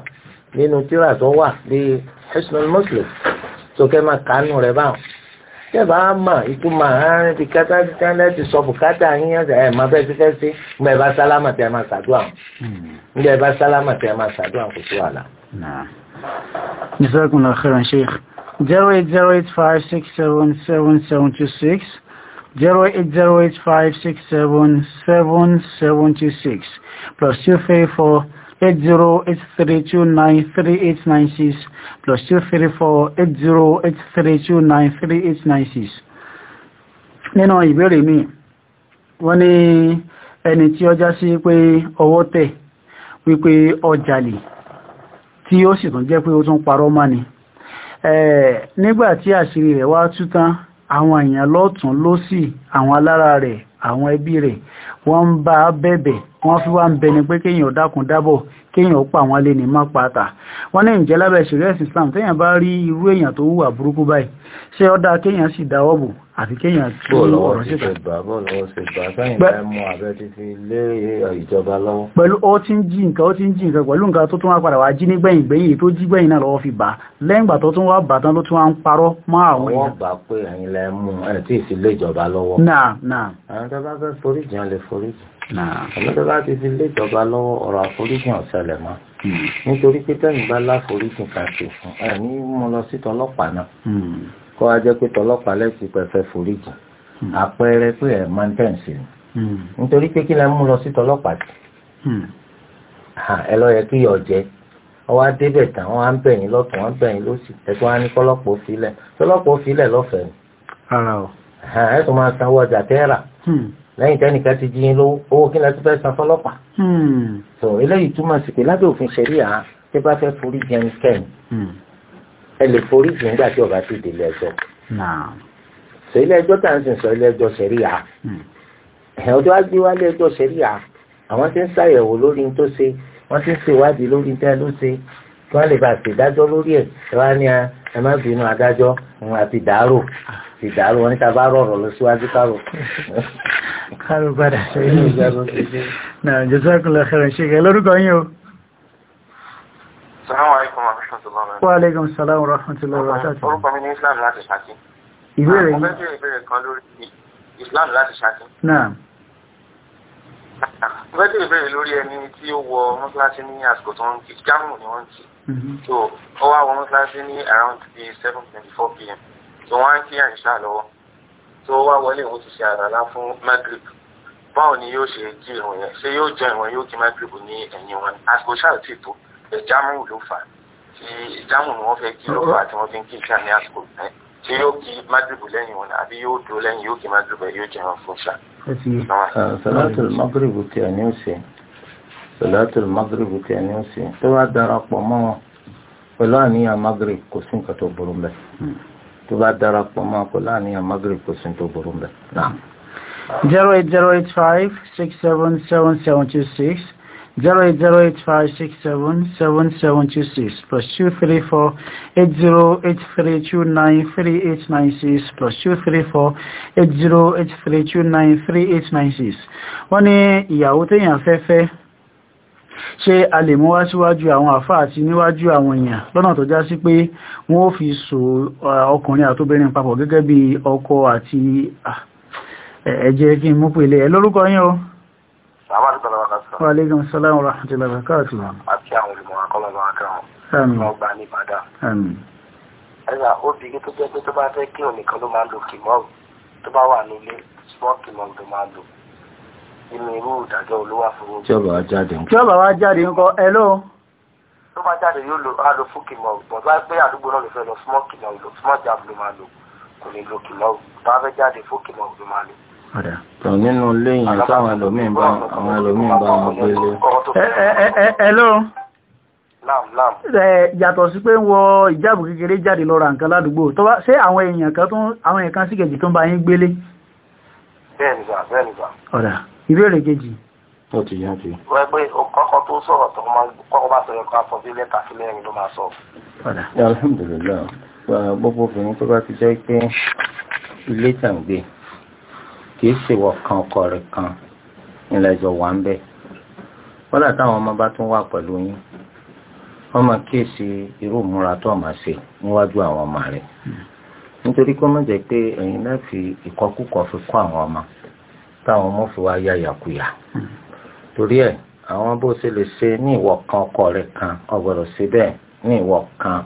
nínú tíra tó wà bíi Hisnul Muslim tó kẹ́ máa kánú rẹ̀ báwọn tẹ́bà á mà ikú máa rárá ti kátà tẹ́lẹ̀ ti sọ bùkátà yín ẹ̀ máa bẹ́ẹ̀ ti fẹ́ sí nígbà ìbá sálámà a. máa ṣàdúrà nígbà ìbá sálámà tẹ́ máa ṣàdúrà kò sí wàhálà. Jazakumullahu khairan Sheikh 08085677726 08085677726 plus 234 8083293896 plus 234 8083293896 nínú ìbéèrè mi wọ́n ní ẹni tí ọjá sí pé ọwọ́ tẹ̀ wípé ọjàlè tí ó sì tún jẹ́ pé ó tún parọ́ mọ́ ni nígbà tí àṣírí rẹ̀ wá tú tán àwọn èèyàn lọ́tún lọ́sì àwọn alára rẹ̀ àwọn ẹbí rẹ̀ wọ́n ń bá bẹ̀bẹ̀ wọ́n fi wá ń bẹni pé kéèyàn dákun dábọ̀ kéèyàn ó pa wọn lé ní má pàtà wọn lè ń lábẹ́ ìṣẹ̀lẹ̀ ẹ̀sìn Islam téèyàn bá rí irú èèyàn tó hùwà burúkú báyìí ṣé ó dáa kéèyàn sì dáwọ́ bò àti kéèyàn tí ọ̀rọ̀ síta pẹ̀lú ó ti ń jí nǹkan ó ti ń jí nǹkan pẹ̀lú nǹkan tó tún wá padà wá jí nígbẹ̀yìn gbẹ̀yìn tó jí gbẹ̀yìn náà lọ́wọ́ fi bà lẹ́yìn ìgbà tó tún wá bà tán ló tún wá ń ìjọba lọ́wọ́. náà ti fi lé ìjọba lọ́wọ́ ọ̀rọ̀ àforíjì ọ̀sẹ̀ ṣẹlẹ̀ mọ́ nítorí pé tẹ́yìn bá láforíjì ká ṣe fún ẹ ní mo lọ sí tọlọ́pàá náà kó a jẹ́ pé tọlọ́pàá lẹ́sìn pẹ̀fẹ́ foríjì àpẹẹrẹ pé ẹ̀ máa ń tẹ̀sí ni nítorí pé kí lẹ́ mú lọ sí tọlọ́pàá sí ẹ lọ yẹ kí yọ jẹ ọwọ́ adébẹ̀ tán wọ́n á ń bẹ̀yìn lọ́tún wọ́n á ń bẹ̀yìn lọ́sì ẹ̀tọ́ wa ní kọ́lọ́pọ̀ filẹ̀ tọlọ́pọ̀ filẹ̀ lọ́fẹ̀ẹ́ ni máa sanwó ọjà tẹ́ẹ̀rà hmm lẹ́yìn tẹ́nìkan ti jí lówó owó kí lẹ́tọ́ fẹ́ san fọlọ́pàá. Hmm. so eléyìí túmọ̀ sí pé lábẹ́ òfin ṣẹ̀ríà tí bá fẹ́ forí jẹ ẹnikẹ́ni hmm. ẹ lè forí jẹ nígbà tí ọba ti délé ẹjọ́. so ilé ẹjọ́ tá à ń sìn sọ ilé ẹjọ́ ṣẹ̀ríà ẹ̀ ọjọ́ á gbé wálé ẹjọ́ ṣẹ̀ríà àwọn tí ń ṣàyẹ̀wò lórí tó ṣe wọ́n ti ń ṣèwádìí lórí tẹ́ ló ṣe kí wọ́n lè bá ṣèdájọ́ lórí ẹ̀ ẹ̀ wá ní ẹ má bínú adájọ́ àti dàárò ti dàárò wọn níta bá rọ̀rọ̀ lọ síwájú kárò. kárò padà ṣe é náà jazakallah khairan ṣe é lórúkọ yín o. salamu alaykum wa rahmatullahi wa barakatuh. wa alaykum salaam islam láti ṣáàkì. ìbéèrè yìí. lórí islam láti ṣáàkì. náà mo fẹ́ bẹ̀rẹ̀ ìbéèrè lórí ẹni tí ó wọ mọ́ṣáláṣí ní àsìkò tó ń kí jámù ni wọ́n ń Mm-hmm. so ó wá wọn mọ́sálásí ní around the seven pm so wọ́n á kí àyíṣà lọ́wọ́ so ó wá wọlé òun ti ṣe àràlá fún magrib báwo ni yóò ṣe kí ìrun yẹn ṣé yóò jẹ ìwọ̀n yóò kí magrib ní ẹ̀yìn wọn àsìkò ṣáà tí tó ìjámù ló fà tí ìjámù ni wọ́n fẹ́ kí ló fà tí wọ́n fi ń kí ìṣà ní àsìkò yẹn tí yóò kí magrib lẹ́yìn wọn àbí yóò dúró lẹ́yìn yóò kí magrib yóò jẹun fún ṣáà. ṣé ti ah, salatul magrib tí a ní ọ̀sẹ̀ sọláàtù magrib tí ẹni ó sì tó bá darapọ̀ mọ́ wọn pẹ̀lú àníyàn magrib kò sí nǹkan tó burú mbẹ̀ tó bá darapọ̀ mọ́ wọn pẹ̀lú àníyàn magrib kò sí nǹkan tó burú mbẹ̀ zero eight zero eight five six seven seven seven two six zero eight zero eight five six seven seven seven two six plus two three four eight zero eight three two nine three eight nine six plus two three four eight zero eight three two nine three eight nine six wọ́n ní ìyàwó téèyàn fẹ́ fẹ́ ṣé a lè mú wá síwájú àwọn àfá àti níwájú àwọn èèyàn lọ́nà tó já sí pé wọ́n fi so ọkùnrin àtóbìnrin papọ̀ gẹ́gẹ́ bí ọkọ àti ẹ̀jẹ̀ kí n mú pèlè ẹ̀ lórúkọ yín o alaikum salam wa rahmatullahi wa barakatuh. Àti àwọn olùmọ̀ akọ́lọ́lọ́ akẹ́rùn-ún. Àmín. Wọ́n gbà ní ìbádà. Àmín. Ẹ̀yà obìnrin tó jẹ́ pé tó bá fẹ́ kí òun nìkan ló máa lò kìmọ́ tó bá wà nílé, small nínú irú ìdájọ́ olówà fún yín. tí ọba wa jáde ńkọ́. tí ọba wa jáde ńkọ́ ẹ ló. tó bá jáde yóò lo á lo fún kìlọ̀ bọ̀ bá pé àdúgbò náà lè fẹ́ lọ small kìlọ̀ lò small jab ló máa lò kò ní lo kìlọ̀ bá fẹ́ jáde fún kìlọ̀ ló máa lò. Padà tọ̀ nínú ilé yẹn táwọn ẹlòmíín bá àwọn ẹlòmíín bá wọn gbé lé. Ẹ ló. Yàtọ̀ sí pé ń wọ ìjáàbù kékeré jáde lọ ra nǹkan ládùúgbò. Ṣé àwọn èèyàn kan sí kejì tó ń bá yín gbélé? Bẹ́ẹ̀ni gbà, bẹ́ẹ̀ni gbà. Ọ̀dà ìbéèrè kejì. ó ti yá ti. wọ́n pé kọ́kọ́ tó sọ̀rọ̀ tó máa kọ́kọ́ bá sọ̀rọ̀ kan sọ sí lẹ́tà sí lẹ́yìn ló máa sọ. alhamdulilayi gbogbo obìnrin tó bá ti jẹ́ pé ilé tàǹgbé kìí ṣèwọ̀ kan ọkọ rẹ̀ kan ilẹ̀ ìjọ wà ń bẹ̀. wọ́dà táwọn ọmọ bá tún wà pẹ̀lú yín wọ́n máa kíyèsí irú ìmúra tó máa ṣe níwájú àwọn ọmọ rẹ̀ nítorí kó má jẹ́ pé ẹ̀yin náà fi ìkọkúkọ fi kọ́ àwọn ọmọ káwọn ọmọ fi wá ya yàkuyà torí ẹ̀ àwọn bó ṣe lè ṣe ní ìwọ kan ọkọ rẹ̀ kan ọgbọ́dọ̀ ṣe bẹ́ẹ̀ ní ìwọ kan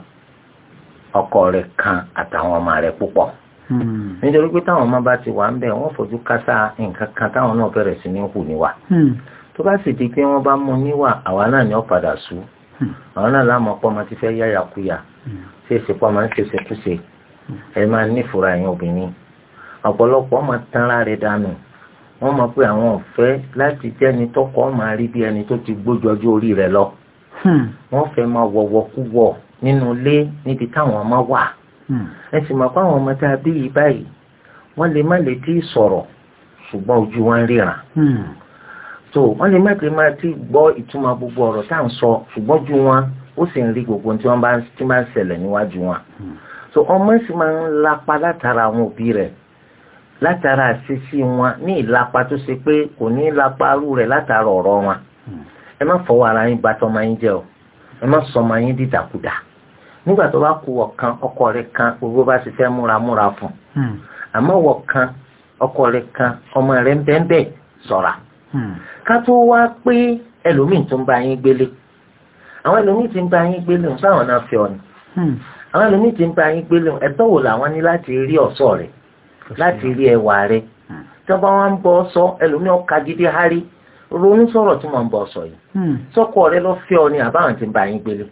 ọkọ rẹ̀ kan àtàwọn ọmọ rẹ̀ púpọ̀ hmm. nítorí pé táwọn ọmọ bá ti wà ń bẹ wọ́n fojú kásá nǹkan kan táwọn náà bẹ̀rẹ̀ sí ní hù níwà hmm. tó bá sì di pé wọ́n bá mú níwà àwa náà ni ó padà sú hmm. àwọn náà láàmú ọ̀pọ̀ ọmọ ti fẹ́ yáyàkuyà ṣe é ṣe pọ ọmọ ń ṣèṣe kúṣe ẹ máa nífura ẹ̀yin obìnrin ọ̀pọ̀lọpọ̀ ọmọ tanra rẹ̀ dànù wọ́n mọ̀ pé àwọn ọ̀fẹ́ láti jẹ́ni tọkọ máa rí bí ẹni tó ti gbójọjú orí rẹ̀ lọ. Hmm. wọ́n fẹ́ máa wọ̀wọ̀ kú wọ̀ nínú ilé níbi táwọn ọmọ wà. Hmm. ẹ sì mọ̀ pé àwọn ọmọ tá a bí yìí báyìí wọ́n lè má lè tí ì sọ̀rọ̀ ṣùgbọ́n ojú wọn ríran. Hmm. so wọ́n lè má lè má tí ì gbọ́ ìtumọ̀ gbogbo ọ̀rọ̀ tá à ń sọ ṣùgbọ́n ojú wọn ó sì ń rí gbogbo tí wọ́n bá ń ṣẹlẹ̀ níwájú wọn. so ọmọ sì máa ń lapa látara àwọn òbí rẹ̀ látara àṣeṣí wọn ní ìlapa tó pé kò ní ìlapa arú rẹ̀ látara ọ̀rọ̀ wọn ẹ má fọwọ́ ara yín bà tọmọ yín jẹ́ o ẹ má sọmọ yín dìdàkudà nígbà tó bá kú ọ̀kan ọkọ rẹ̀ kan gbogbo bá ṣe fẹ́ múra múra fún hmm. kan ọmọ rẹ̀ bẹ́ẹ̀ bẹ́ẹ̀ hmm. ká tó wá pé ẹlòmíì ń bá yín gbélé àwọn ẹlòmíì láti rí ẹwà rẹ tí wọ́n bá wá ń bọ́ sọ ẹlòmíràn kagídí hárí ronú sọ̀rọ̀ tí wọ́n ń bọ́ sọ yìí hmm. sọ́kọ rẹ lọ fẹ́ ọ ni àbáwọn ti ń ba yín gbélé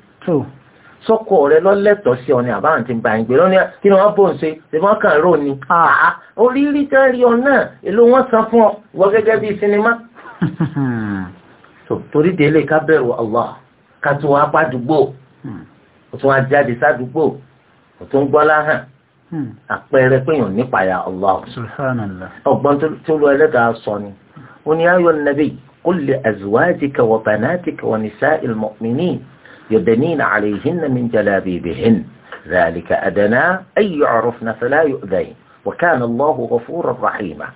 sọ́kọ rẹ lọ́lẹ́tọ̀ọ́ sí ọ ni àbáwọn ti ń ba yín gbélé ọ́nà kí ni wọ́n bò ń ṣe ìbọn kan rò ní. Ah. oríire tẹ́ rí ọ náà èló wọ́n san fún ọ wọ́n gẹ́gẹ́ bíi sinimá. torí délé ká bẹ̀rù Allah ká tún wá pàdúgbò hmm. ó tún wá jáde sádùúgbò ó tún gbọ́lá hàn Hmm. àpẹẹrẹ péyàn nípayà Allah ọgbọ́n tó lọ ẹlẹ́dàá sọ ni ó ní ayọ̀ nàbí qul li azwajika wa banatika wa nisa'il mu'minin yudnina 'alayhinna min jalabibihin dhalika adna ay yu'rafna fala yu'dhayn wa kana Allahu ghafuran rahima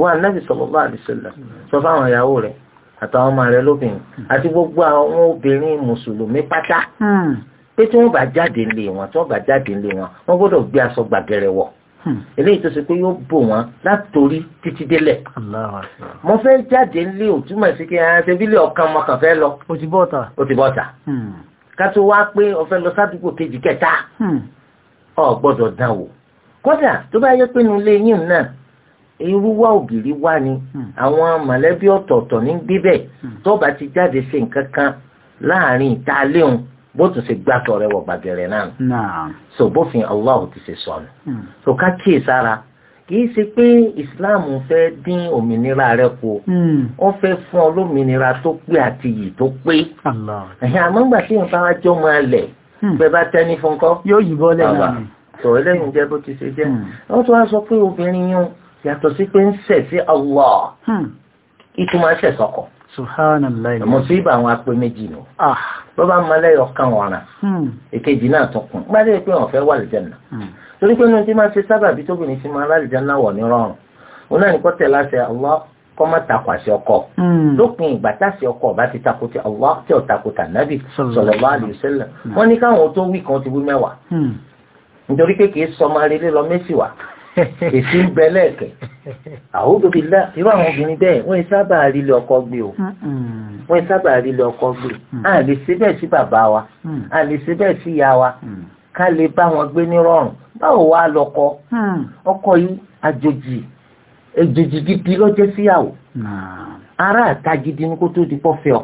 wa nàbí sallallahu alayhi wa sallam sọ fáwọn ìyàwó rẹ̀ àtàwọn ọmọ rẹ̀ lóbìnrin àti gbogbo pé tí wọ́n bá jáde lé wọn tí wọ́n bá jáde lé wọn wọ́n gbọ́dọ̀ gbé aṣọ gbàgẹ̀rẹ̀ wọ̀ hmm. eléyìí tó ṣe pé yóò bò wọn látòrí títí délẹ̀. mo fẹ́ jáde lé òtúmọ̀ sí kí ẹ ṣe bílẹ̀ ọ̀kan mo kàn fẹ́ lọ. o ti bọ́ ta. o ti bọ́ ta. Hmm. ká tó wá pé o fẹ́ lọ sádùúgbò kejì kẹta o hmm. gbọ́dọ̀ dán wò kódà tó bá yẹ pé nu lé yín náà irúwá ògiri wá ni àwọn mọ̀lẹ́bí ọ̀tọ̀ọ̀tọ̀ ní gbíbẹ̀ tó bá ti jáde ṣe nǹkan kan láàrin ìta léhùn bó tún ṣe gbàtọ̀ rẹ wọ gbàgẹ̀rẹ̀ náà so bófin Allah ti ṣe sọnù hmm. so ká kíyè sára kìí ṣe pé Islam fẹ́ dín òmìnira rẹ kù hmm. ó fẹ́ fún ọ lómìnira tó pé àti yìí tó pé ẹ̀hìn àmọ́ngbà tí nǹkan wá jọ máa lẹ̀ hmm. bẹ́ẹ̀ bá tẹ́ ní fúnkọ́ yóò yìnbọn lẹ́yìn náà sọ eléyìí jẹ́ bó ti ṣe jẹ́ wọ́n tún wá sọ pé obìnrin yún yàtọ̀ sí pé ń ṣẹ̀ sí Allah ìtumọ̀ ṣẹ̀ sọkọ̀ mùsíbà àwọn apẹ méjì nù. Ah bó bá mọ lẹ́yọ̀ kan ọ̀ràn hmm. èkejì náà tún kún gbádé pé wọ́n fẹ́ wà lìjẹ́nà hmm. torí pé inú tí máa ṣe sábàbí tóbìnrin ti máa lálìjẹ́nà wọ̀ ní rọrùn òun náà ní kó tẹ̀ láṣẹ Allah kọ́ má takò àṣẹ ọkọ hmm. lópin ìgbà táṣẹ ọkọ bá ti takò ti Allah tí ò takò tà nábì sallallahu alaihi wasallam wọ́n ní káwọn tó wí kan ti wí mẹ́wàá nítorí pé kì í sọ máa relé lọ mẹ́sì wá èsì ń bẹ lẹ́ẹ̀kẹ́ àwòdò bíi lá irú àwọn obìnrin bẹ́ẹ̀ wọ́n sábà rí ilé ọkọ gbé o wọ́n sábà rí ilé gbé a lè ṣe bẹ́ẹ̀ sí bàbá wa mm. a lè ṣe bẹ́ẹ̀ sí ìyá wa mm. ká lè bá wọn gbé ní rọrùn báwo wá lọkọ mm. ọkọ yìí àjòjì èjòjì gidi ló síyàwó ara àta gidi kó tó di pọ́ ọ.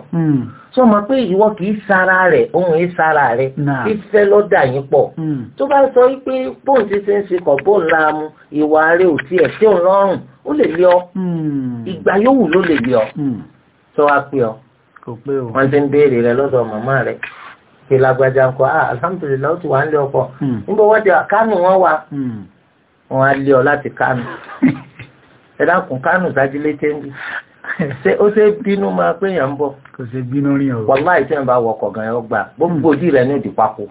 sọ hmm. ma pé ìwọ kì í sara rẹ̀ òun yìí sara rẹ̀ fífẹ́ lọ́dà yín pọ̀. Hmm. tó bá sọ bóun ti ṣe ń ṣe kọ̀ bóun la mu ìwà rẹ̀ ò tiẹ̀ tí òun lọ́rùn ó lè lé ọ. Hmm. ìgbà yòówù ló lè lé ọ. sọ wá pé ọ. wọ́n ti ń rẹ lọ́dọ̀ màmá rẹ lágbájá ah alhamdulilayi wà ń lé ọkọ. níbo wọ́n kánù wọn wà. wọ́n á lé ọ láti kánù. ẹ ṣé ó ṣe bínú máa pé èèyàn ń bọ̀. kò ṣe bínú rí ọ̀rọ̀. wàláì tí wọn bá wọkọ̀ gan ẹ gbà gbogbo ojú rẹ ní ìdìpapọ̀.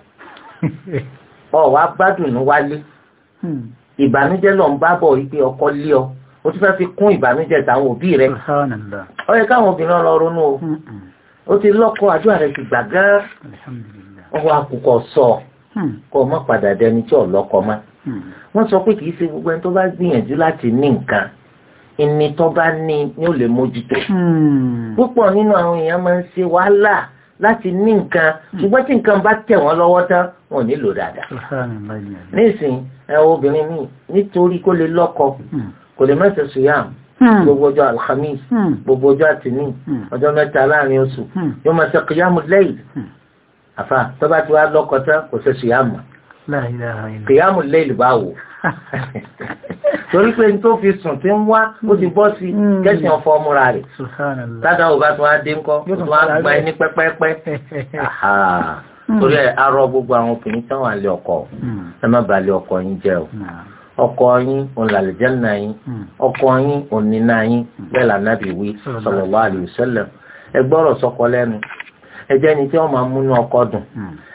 ọ̀wá gbádùn wálé hmm. ìbànújẹ́ lọ ń bábọ̀ ipe ọkọ lé ọ o tún fẹ́ fi kún ìbànújẹ́ táwọn òbí rẹ. ó yẹ káwọn obìnrin lọ ronú o ó hmm, hmm. ti lọ́kọ àdúrà rẹ ti gbà gán ọwọ́ àkùkọ sọ kọ mọ́ padà dẹni tí ò lọ́kọ mọ́. wọ́n sọ pé kì í ṣe gbogbo ẹni tó bá gbìyànjú láti ní nǹkan ẹni tó bá ní ni ó lè mójútó. Hmm. púpọ̀ nínú àwọn èèyàn máa ń ṣe wàhálà láti ní nǹkan hmm. ṣùgbọ́n tí nǹkan bá tẹ̀ wọ́n lọ́wọ́ tán wọn nílò dáadáa. nísìnyí obìnrin mi nítorí kó lè lọ́kọ hmm. kò lè mẹ́sẹ̀ sùyàm gbogbo ọjọ́ alhamis gbogbo ọjọ́ àtìní ọjọ́ mẹ́ta láàrin oṣù yóò máa ṣe kìyàmù lẹ́yìn àfa tó bá ti wá lọ́kọ tán kò ṣe sùyàmù kìyàmù lẹ́yìn báwo torí pé tó fi sùn tí ń wá ó ti bọ́ sí mm. kẹ́sìn ọ̀fọ̀ ọmúra rẹ̀ tádà ò bá tún á dé ńkọ́ tún á gba ẹni pẹ́pẹ́pẹ́ mm. torí ẹ̀ arọ gbogbo àwọn obìnrin táwọn àlẹ́ ọkọ mm. ẹ má bà lé ọkọ yín jẹ́ o ọkọ yín òǹlàlẹ́jẹ́nà yín ọkọ yín òǹnínà yín bẹ́ẹ̀ lànàbì wí sallallahu alaihi wasallam ẹ gbọ́rọ̀ sọkọ lẹ́nu ẹjẹ́ ni tí wọ́n máa múnú ọkọ dùn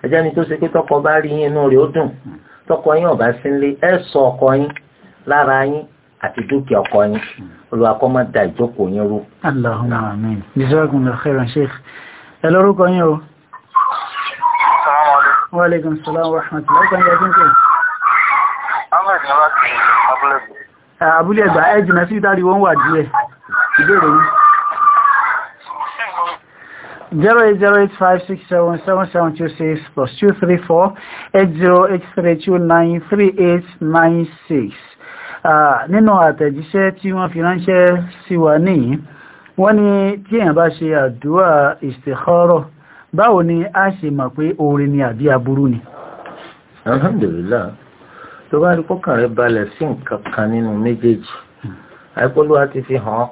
ẹjẹ́ ni tó ṣe pé tọkọ bá rí inú rẹ̀ ó dùn tọkọ yín ọba sínlé ẹ sọ ọkọ yín lára yín àti dúkìá ọkọ yín Olúwa kó da ìjókòó yín rú. Allahumma àmín jazakumullahu khairan sheikh ẹ lórúkọ yín o. Wa alaikum salaam wa rahmatullahi wa barakatuh. Ahmed ni wọ́n ti abúlé gbà. Abúlé gbà ẹ jìnnà sí ìdárí wà díẹ̀ ìbéèrè yìí zero zero 08085677726 plus 234 8083293896. Nínú àtẹ̀jíṣẹ́ tí wọ́n fi ránṣẹ́ sí wa nìyí, wọ́n ní tí èèyàn bá ṣe àdúrà istikhara, báwo ni a ṣe mọ̀ pé oore ni àbí aburú ni? Alhamdulillah, tó bá rí kọ́kàn rẹ̀ balẹ̀ sí nǹkan kan nínú méjèèjì, àìpọ́lúwa ti fi hàn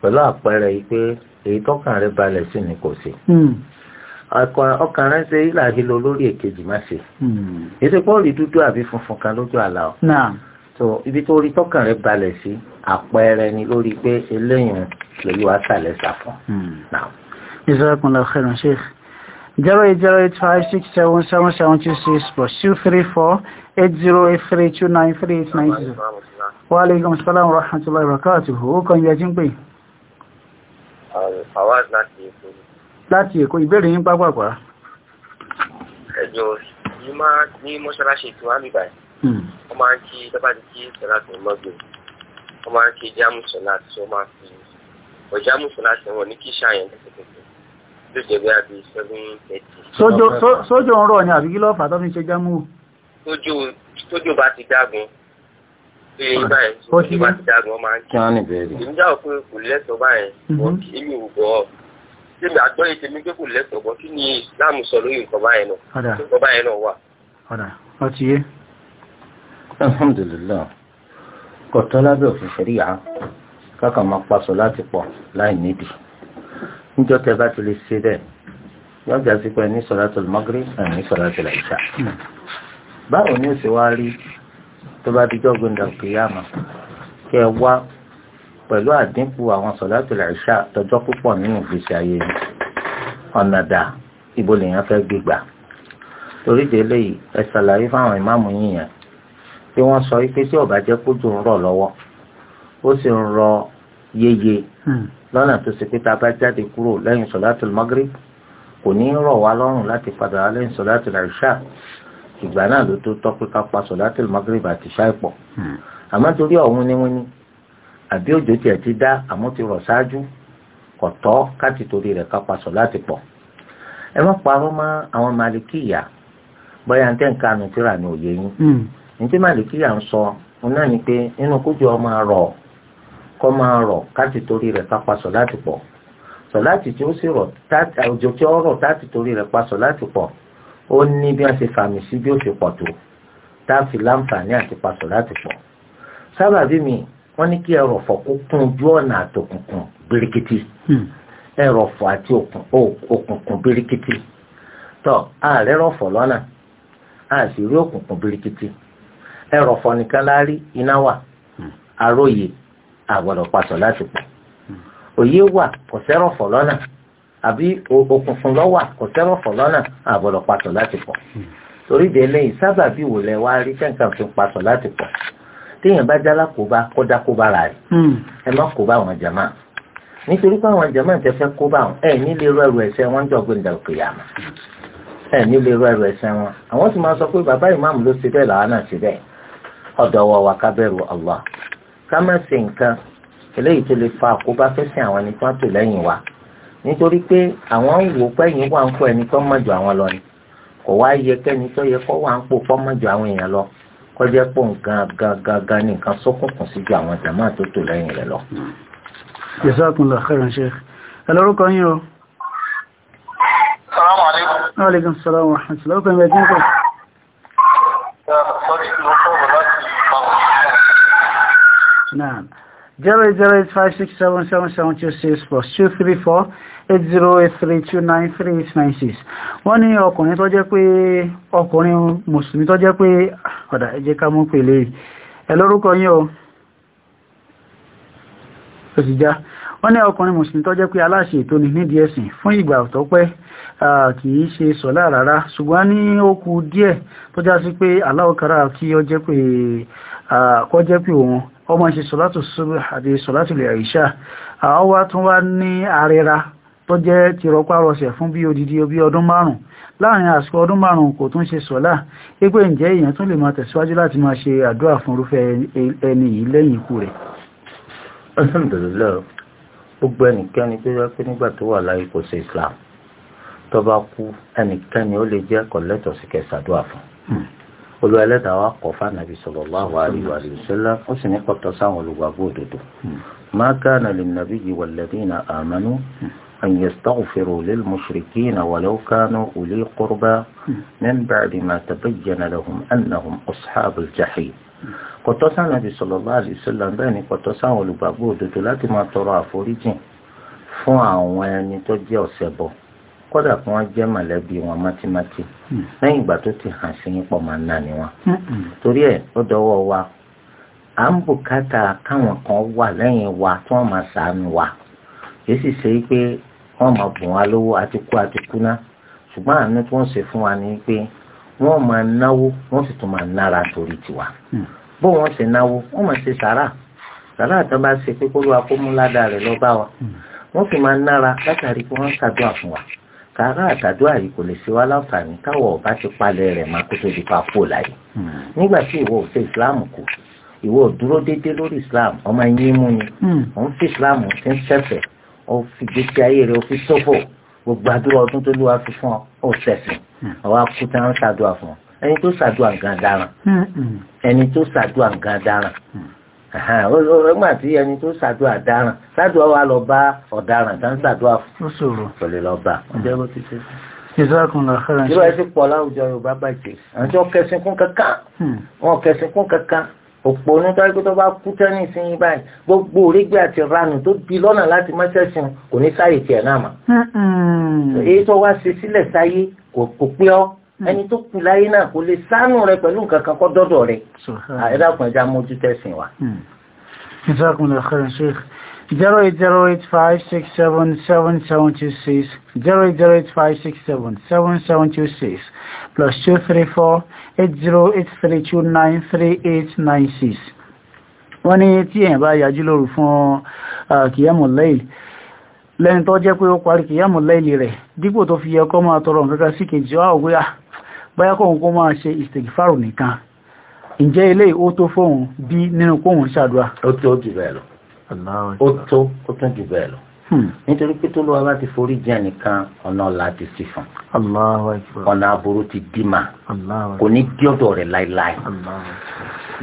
pẹ̀lú àpẹẹrẹ yìí pé èyí tọ́kàn rẹ balẹ̀ sí ni kò sí hmm. ọkàn rẹ ṣe ìlàhílò lórí èkejì má ṣe ètò hmm. pọ́ọ̀lì dúdú àbí funfun kan lójú àlá ọ so ibi tó rí tọ́kàn rẹ balẹ̀ sí àpẹẹrẹ ni lórí pé eléyìn lórí wa sàlẹ̀ sàfún. Hmm. jazakumullahu khairan sheikh zero eight zero eight five six seven seven seven two six plus two three four eight zero eight three two nine three eight nine zero. wa aleykum salaam wa rahmatulahi wa barakatuhu o kàn yẹ jí ń pè. Fawaz láti Èkó. Láti Èkó, ìbéèrè yín pápápá. Ẹjọ́ ní mọ́ṣáláṣí ètò àmìbà hmm. wọ́n máa ń kí dábàá ti kí sọ́láàtì mọ́gbìn. Wọ́n máa ń kí jámù sọ́láàtì tó máa fi ọ̀jámù sọ́láàtì wọn ní kí ṣàyẹn lẹ́sẹ̀kẹsẹ̀. Ló jẹ́ bẹ́ẹ̀ bí seven thirty. Sójó ń rọ̀ ni àbí kí ló ṣe jámù? Sójó bá ti dágun pé báyìí tí wọ́n ti dágun ọmọ àǹtí ìjà òfin kò lẹ́tọ̀ọ́ báyìí wọ́n mhm. kì í lù bọ́ síbi àgbọ́yé tèmi pé kò lẹ́tọ̀ọ́ bọ́ kí ni Islam sọ lórí nǹkan báyìí náà nǹkan báyìí náà wà. ọ̀dà ọtí yé. alhamdulilayi kọ̀tọ́ lábẹ́ òfin ṣẹ̀ríyà kákan máa paṣọ láti pọ̀ láì nídìí níjọ́ tẹ bá ti lè ṣe bẹ́ẹ̀ lọ́jà sí pé ní sọ̀rọ̀ àtọ̀lùmọ́gírí àní sọ̀rọ̀ hmm. ni ó ṣe wá rí tó bá dijọ́ gbẹ̀ndà kìyàmà kẹ wá pẹ̀lú àdínkù àwọn sọ̀láàtì làṣà tọjọ́ púpọ̀ nínú ìgbésí ayé yìí ọ̀nà dà ibo lèèyàn fẹ́ gbígbà torí délé yìí ẹ ṣàlàyé fáwọn ìmáàmù yìí yẹn tí wọ́n sọ pé tí ó bá jẹ́ kójú ń rọ̀ lọ́wọ́ ó sì ń rọ yeye hmm. lọ́nà tó ṣe pé tá a bá jáde kúrò lẹ́yìn sọ̀láàtì magrib kò ní rọ̀ wá lọ́rùn láti padà lẹ́yìn sọ̀láàtì làṣà ìgbà náà ló tó tọ́ pé ká pa sọ̀láàtì magrib àti ṣáìpọ̀ hmm. àmọ́ torí ọ̀hún ni wọ́n ní àbí òjò tiẹ̀ ti dá àmọ́ ti rọ̀ ṣáájú kò tọ́ ká ti torí rẹ̀ ká pa sọ̀láàtì pọ̀ ẹ má parọ́ mọ́ àwọn malikiya bóyá ń tẹ́ ń kanu tíra ní òye yín hmm. ní tí malikiya ń sọ òun náà ni pé inú kójú ọ máa rọ̀ kọ́ máa rọ̀ ká torí rẹ̀ ká pa sọ̀láàtì pọ̀ sọ̀láàtì tí ó sì rọ̀ òjò tí ó rọ̀ ó ní bí wọ́n ṣe fàmì sí bí ó ṣe pọ̀ tó tá a fi láǹfààní àti paṣọ láti pọ̀ sábàbí mi wọ́n ní kí ẹrọ̀fọ̀ kó kún ojú ọ̀nà àtòkùnkùn birikiti ẹrọ̀fọ̀ àti òkùnkùn birikiti hmm. tọ́ ààrẹ rọ̀fọ̀ lọ́nà àti rí òkùnkùn birikiti ẹrọ̀fọ̀ nìkan láárí iná wà àròyé hmm. àgbọ̀dọ̀ paṣọ láti pọ̀ hmm. òye wà kò sẹ́rọ̀fọ̀ lọ́nà àbí òkùnkùn lọ́wà kò sẹ́rọ̀fọ̀ lọ́nà àbọ̀dọ̀ patọ̀ láti pọ̀ hmm. torí de eléyìí sábà bí wò lẹ wá rí tẹ́ǹkan fi patọ̀ láti pọ̀ téèyàn bá jálá kó bá kódá kó bá ra rẹ̀ hmm. ẹ má kó bá àwọn jàmá nítorí pé àwọn jàmá tẹ fẹ́ kó bá àwọn ẹ nílé ru ẹrù ẹ̀ṣẹ̀ wọn jọ gbẹndà òkè yàmà ẹ nílé ru ẹrù ẹ̀ṣẹ̀ wọn àwọn sì máa sọ pé bàbá ìmáàmù ló ṣe bẹ́ẹ̀ làwọn náà ṣe bẹ́ẹ̀ ọ̀dọ̀ wọ wa ká bẹ̀rù Allah ká má ṣe nǹkan eléyìí tó lè fa àkóbá fẹsẹ̀ àwọn ẹni tó wá tò lẹ́yìn wa nítorí pé àwọn ń wò pẹ́yìn wà ń kó ẹni tó mọ̀ jù àwọn lọ ni kò wá yẹ kẹ́ni tó yẹ kó wà ń pò kọ́ mọ̀ jù àwọn èèyàn lọ kọjá pò nǹkan gangan ní nǹkan sókùnkùn sí ju àwọn jàmá tó tò lẹ́yìn rẹ̀ lọ. jazakumullahu khairan sheikh ẹ yín o. salaamu aleykum. aleykum salaam wa rahmatulah. ó kàn bẹ́ẹ̀ tí ń pè. sọ́ọ́dì ló sọ̀rọ̀ láti 08085677726 plus 2348083293896 wọ́n ní ọkùnrin tó jẹ́ pé ọkùnrin mùsùlùmí tó jẹ́ pé ọ̀dà ẹ jẹ́ ká mú pèlè ẹ̀ lórúkọ yín o òsìjá wọ́n ní ọkùnrin mùsùlùmí tó jẹ́ pé aláṣẹ ètò ni nídìí ẹ̀sìn fún ìgbà tó pẹ́ kì í ṣe sọ̀lá rárá ṣùgbọ́n ní ó kù díẹ̀ tó já sí pé aláwọ̀kára kí ó jẹ́ pé òun ọmọ ṣe sọ́látù ṣubú àti sọ́látù lè àìṣà àwọn wá tún wá ní àrẹ́ra tó jẹ́ ti rọpárọsẹ̀ fún bí odidi bí ọdún márùn láàrin àsìkò ọdún márùn kò tún ṣe sọ́lá wípé ǹjẹ́ èèyàn tún lè máa tẹ̀síwájú láti máa ṣe àdúrà fún irúfẹ́ ẹni yìí lẹ́yìn ikú rẹ̀. alhamdulillah ẹnikẹ́ni ó lè jẹ́ kọ̀lẹ́tọ̀ sí kẹsàdúà fún olú ẹlẹ́dàá wa kọ̀ fánàbí sallallahu alaihi wa sallam ó sì ní kọ̀tọ̀ sáwọn olùgbàgbọ́ òdodo ma kana linnabiyyi walladhina amanu an yastaghfiru lil mushrikina walau kanu uli qurba min ba'di ma tabayyana lahum annahum ashabul jahim kọ̀tọ̀ sánàbí sallallahu alaihi wa sallam bẹ́ẹ̀ ni kọ̀tọ̀ sáwọn olùgbàgbọ́ òdodo láti máa tọrọ àforíjìn fún àwọn ẹni tó jẹ́ ọ̀sẹ̀ bọ̀ kódà kí wọn jẹ́ mọ̀lẹ́bí wọn mátímátì hmm. lẹ́yìn ìgbà tó ti hàn sí yín pọ̀ máa ń nà ní wọn. Hmm. torí ẹ ó dọwọ́ wa à ń bùkátà káwọn kan wà lẹ́yìn wa tí wọ́n máa ṣàánú wa sì ṣe pé wọn máa bùn lówó àti kú àti ṣùgbọ́n àánú tí wọn ṣe fún wa ni pé wọ́n máa náwó wọn sì tún máa nára torí tiwa hmm. bó ṣe náwó wọn máa ṣe sàrà sàrà bá pé kó ló sàárà àtàdúrà yìí kò lè ṣe wá láǹfààní káwọ̀ ọba ti palẹ̀ rẹ̀ máa kó tó di pa kó láyé nígbà tí ìwọ ò ṣe ìsìláàmù kù ìwọ ò dúró déédéé lórí ìsìláàmù ọmọ ẹ̀yìn mú ni òun hmm. fi ìsìláàmù ti ń ṣẹ̀fẹ̀ ó fi gbèsè ayé rẹ̀ ó fi ṣòfò gbogbo àdúrà ọdún tó lúwa fi fún ọ ó ṣẹ̀sìn ọwọ́ akúta ń ṣàdúrà fún ọ ẹni tó ṣàdúrà gan-an dáràn hmm, hmm. ẹni tó ṣàdúrà gan-an ọgbà tí ẹni tó ṣàdúrà dáràn ṣàdúrà wà lọ bá ọ̀daràn tán ṣàdúrà fún pẹ̀lú lọ́ba. ìrọ̀ ẹ̀sìn pọ̀ láwùjọ yorùbá bàjẹ́ àjọ kẹsìn kún kankan hmm. wọn kẹsìn kún kankan òpó onítọ́rí pé tó bá kú tẹ́ni sí yín báyìí gbogbo orígbé àti ranù tó bí lọ́nà láti mọ́ṣẹ́sìn kò ní sáyè tiẹ̀ náà mà. Hmm, hmm. èyí tó wá ṣe sílẹ̀ Hmm. ẹni tó kù láyé náà kò lè sánú rẹ pẹ̀lú nǹkan kan kọ́ dọ́dọ̀ rẹ ah, ẹ̀dàkùn ẹja mójú tẹ̀sìn wa. ìsàkùnlẹ̀ kẹrin ṣe zero eight zero eight five six seven seven seven two six zero eight zero eight five six seven seven seven two six plus two three four eight zero eight three two nine three eight nine six. wọ́n ní tí èèyàn bá yájú lóru fún kìyàmù lẹ́yìn lẹ́yìn tó jẹ́ pé ó parí kìyàmù lẹ́yìn rẹ̀ dípò tó fi yẹ kọ́ máa tọrọ nǹkan kan sí kejì ọ́ àwòrán bóyá kóhun kó máa ṣe ìsìtìgìfàrò nìkan ǹjẹ́ ilé ó tó fóhun bí nínú kóhun ṣàdúrà. ó tó jù bẹ́ẹ̀ lọ ó tó ó tó jù bẹ́ẹ̀ lọ hmm. nítorí pé tó lọ́wọ́ bá ti forí jẹ́ nìkan ọ̀nà ọ̀la ti sì fún ọ̀nà aburú ti dìímà kò ní dí ọ̀dọ̀ rẹ̀ láíláí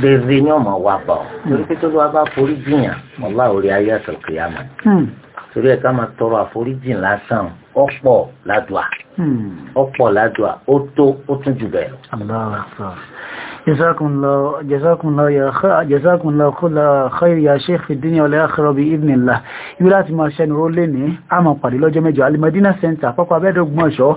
lèzè ní ọmọ wa bá hmm. torí pé tó lọ́wọ́ bá forí jìyàn ọ̀la orí ayé àtọ̀kìyàmọ̀ hmm. torí ẹ̀ máa tọrọ àforíjìn lásán ọ̀pọ̀ ládùá hmm. ọ̀pọ̀ ládùá ó tó ó tún jù bẹ́ẹ̀ lọ. Jazakumullahu kulla khair ya Sheikh fi dunya wal akhirah bi idhnillah. Ibi láti máa ṣẹnu ró lé ní àmọ̀ pàdé lọ́jọ́ mẹ́jọ Al-Madina Center, pápá abẹ́dọ̀gbọ́n ṣọ́.